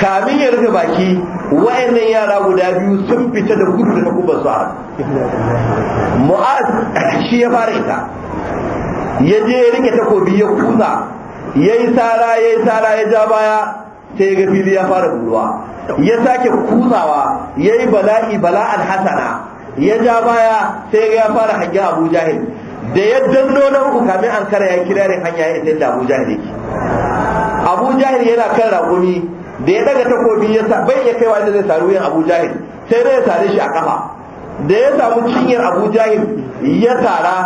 kamin ya rufe baki wa'in yara guda biyu sun fita da gudu da takubar su Mu'az shi ya fara ita ya je ya rike takobi ya kusa ya yi tsara ya yi tsara ya ja baya sai ga fili ya fara buruwa ya sake kusawa ya yi bala'i bala'an hasana ya ja baya sai ga ya fara hangen abu jahil da ya danno na uku kamin an kara ya kirarin hanya ya isa da abu jahil yake abu jahil yana kan raƙumi da ya daga takobi ya sa bai ya kai wa zai saru yin abu jahil sai dai ya sare shi a kafa da ya samu cinyar abu jahil ya tara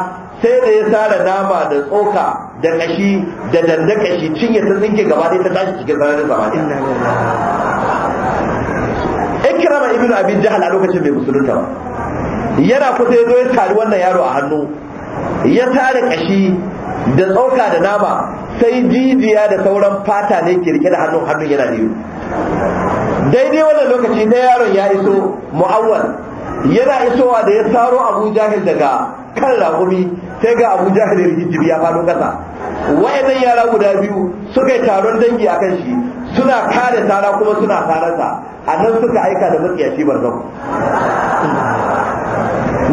sai da ya sare nama da tsoka da kashi da kashi cinye ta tsinke gaba ɗaya ta tashi cikin sararin samaniya ikrama ibnu abin jahal a lokacin bai musulunta ba yana kusa ya zo ya tari wannan yaro a hannu ya tara kashi da tsoka da nama sai jijiya da sauran fata ne ke rike da hannun hannun yana biyu daidai wannan lokaci na yaron ya iso mu'awwal yana isowa da ya saro abu jahil daga kan raƙumi sai ga abu jahilin hijibi ya faɗo ƙasa wa'annan yara guda biyu suka yi taron dangi a kan shi suna kare tara kuma suna tararsa a nan suka aika da matsiyaci barzaku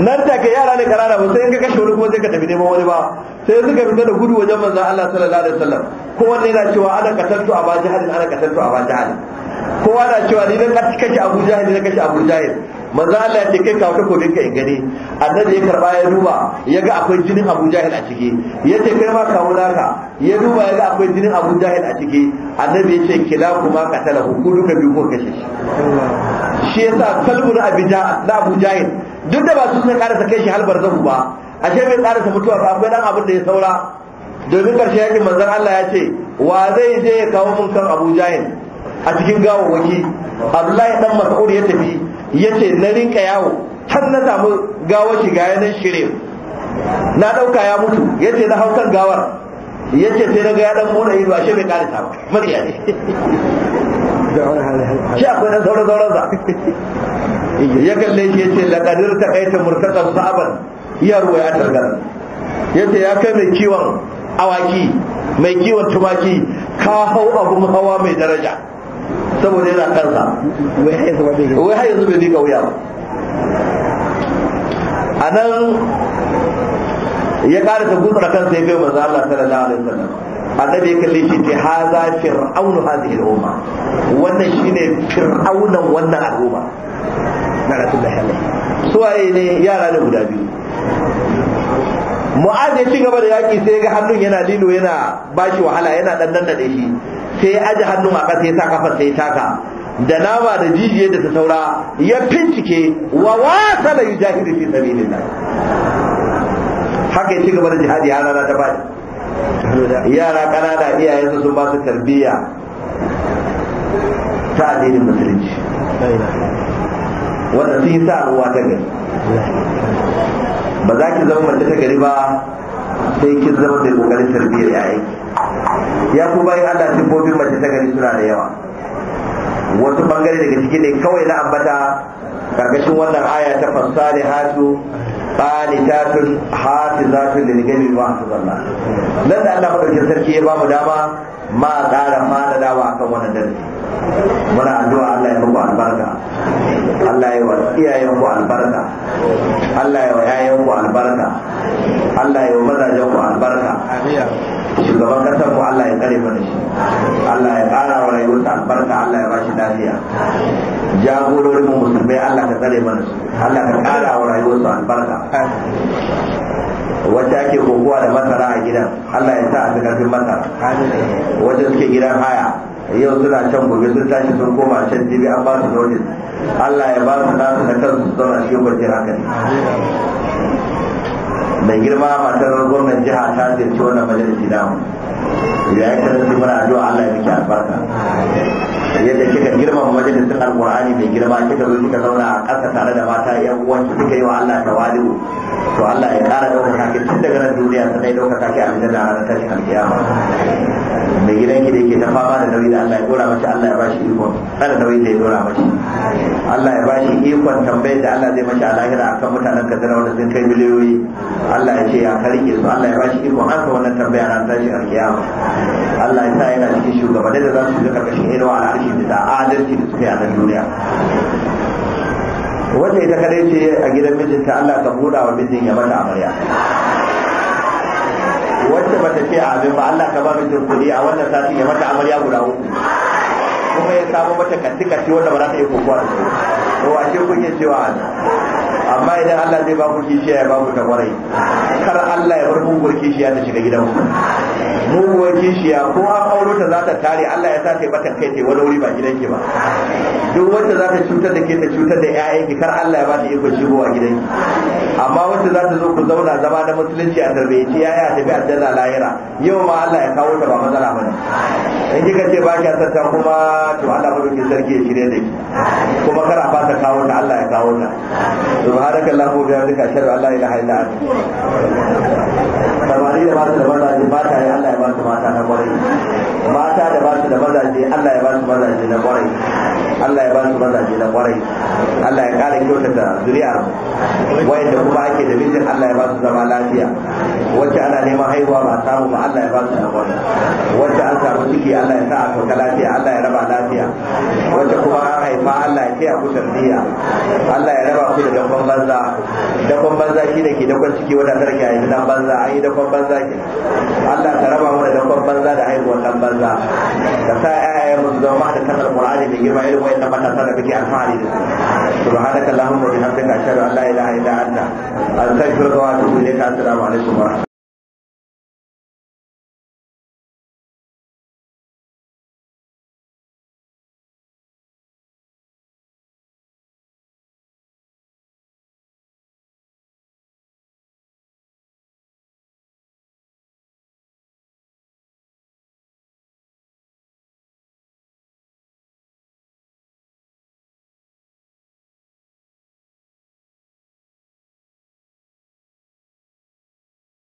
nan take yara ne karara ba sai ka kashe wani kuma sai ka tafi neman wani ba sai suka fita da gudu wajen manzon Allah sallallahu alaihi wasallam kowanne yana cewa ana katantu a baji halin ana katantu a baji halin kowa na cewa ni dan kashe Abu Jahil na kashe Abu Jahil manzo Allah ya ce kai kawo kodin ka in gani annabi ya karba ya duba ya ga akwai jinin Abu Jahil a ciki ya ce kai ma kawo naka ya duba ya ga akwai jinin Abu Jahil a ciki annabi ya ce kila kuma tala ku duka biyu ko kashe shi shi yasa salbun abija na Abu Jahil duk da ba su sun karasa kai shi halbar zabu ba ashe bai karasa mutuwa ba akwai dan abin da ya saura domin karshe yakin manzon Allah ya ce wa zai je ya kawo mun kan Abu Jahil a cikin gawawwaki Abdullahi dan Mas'ud ya tafi yace na rinka yawo har na samu gawar shi ga yanan na dauka ya mutu yace na kan gawar yace sai na ga ya dan mura ido ashe bai ta ba mariya ne shi akwai dan sauran sauran za ya kalle shi yace laqadir ta kaita murtakan sa'aban iya ruwa ya targara yace ya kai mai kiwon awaki mai kiwon tumaki ka hau abu hawa mai daraja saboda yana kansa wai har yanzu bai mika wuya ba a nan ya ƙara ta gutsura kansa ya kai manzo Allah sallallahu alaihi wasallam annabi ya kalle shi ce haza fir'aunu hadhihi al-umma wannan shine fir'aunan wannan al'umma na rasulullahi sallallahu suwaye ne yara ne guda biyu mu'az ya ci gaba da yaki sai ga hannun yana lilo yana bashi wahala yana dan da shi sai ya aji hannun a ƙasa ya sa kafar sai ya taka da nama da jijiyar da ta saura ya fincike wa wasa da yujahidu fi sabilillah haka ya ci gaba da jihadi ya rana ta bani yara ƙanana iyayensu sun ba su tarbiyya ta addinin musulunci wanda sun yi sa ruwa ta gari ba za ki zama mace ta gari ba sai kin zama mai kokarin tarbiyyar yayin ya ku bayan Allah siffofin mace ta gari suna da yawa wasu bangare daga cikin ne kawai na ambata karkashin wannan aya ta fassari hatu da ni lil ba su hafizallah nan da Allah madaukakin sarki ya mu dama ma ƙara malalawa akan wannan darasi muna addu'a Allah ya muku albarka Allah ya wa iyayen ku albarka Allah ya wa yayan ku albarka Allah ya wa mazajen ku albarka shugaban kasar ku Allah ya kare mana shi Allah ya ƙara wa rayuwarsa albarka Allah ya ba shi lafiya jagororin musulmai Allah ka kare mana su Allah ka ƙara wa rayuwarsa albarka wacce ake kokowa da masara a gidan Allah ya sa a fi karfin masara Wajen suke gidan haya yau suna can gobe sun tashi sun koma can jibi an ba su notice Allah ya ba su nasu da kan su zauna shi kwanciyar haka mai girma matar gwamnan jiha ta zirce wannan majalisi damu ya yi su mara addu'a Allah ya miki albarka yadda kika girmama majalisin alkur'ani mai girma kika zo kika zauna a ƙasa tare da mata yan uwanki kika yi wa Allah tawali'u to Allah ya kara da ɗaukaka ki tun daga nan duniya ta ya ɗaukaka ki a aljanna ranar tashin alkiyama mai gidan ki da yake ta fama da nauyi da Allah ya dora mashi Allah ya ba shi ikon kada nauyi da ya dora mashi Allah ya ba shi ikon tambayar da Allah zai mashi a lahira akan mutanen ka kaduna wanda sun kai miliyoyi Allah ya ce ya karike su Allah ya ba shi ikon an ka wannan tambaya ranar tashin alkiyama Allah ya sa yana cikin shugabannin da za su ji karkashin inuwa al'arki da adalci da suke a nan duniya wanda ita kadai ce a gidan mijinta Allah ka buɗa wa mijin ya mata amarya ba ta ce abin ba Allah ka ba mijin kuɗi a wannan sati, ya mata amarya guda uku kuma ya samu mata katti-katti wanda ba za ta yi kokowa da su Ko a kun yi cewa a amma idan Allah zai ba ku kishiya ya ba ku ta kwarai kar Allah ya bar mugun kishiya ta shiga gidan ku muguwar kishiya ko an auro ta za ta tare Allah ya sa ta bata kai ta wani wuri ba gidanki ba duk wacce za ta cutar da ke ta cutar da ki kar Allah ya ba ta iko gidan gidanki amma wacce za ta zo ku zauna zama da musulunci a ce yaya tafi bi aljanna lahira yau ma Allah ya kawo ta ba matsala bane in kika ce ba kya santa kuma to Allah madaukin sarki ya shirye da ki kuma kar a fata kawo da Allah ya kawo da subhanaka allahumma wa bihamdika ashhadu an la ilaha illa anta samari da ba su da mazaje mata ya Allah ya ba mata na kwarai mata da ba su da mazaje Allah ya ba mazaje na kwarai Allah ya ba su mazaje na kwarai Allah ya kara kyautata zuriya wayanda kuma ake da mijin Allah ya ba su zama lafiya wacce ana neman haihuwa ba samu ba Allah ya ba su kwarai wacce an samu ciki Allah ya sa a sauka lafiya Allah ya raba lafiya wacce kuma an haifa Allah ya a kusa tarbiyya Allah ya raba ku da dakon banza dakon banza shi ne ke dakon ciki wata tarki a yanzu dan banza an yi dakon banza ke Allah ta raba mu da dakon banza da haihuwar dan banza ka sa 'ya'ya mu zama da kasar Qur'ani da girma irin wa'annan matasa da kake alfahari da su subhanaka allahumma wa bihamdika ashhadu an la ilaha illa anta astaghfiruka wa atubu ilayka assalamu alaikum wa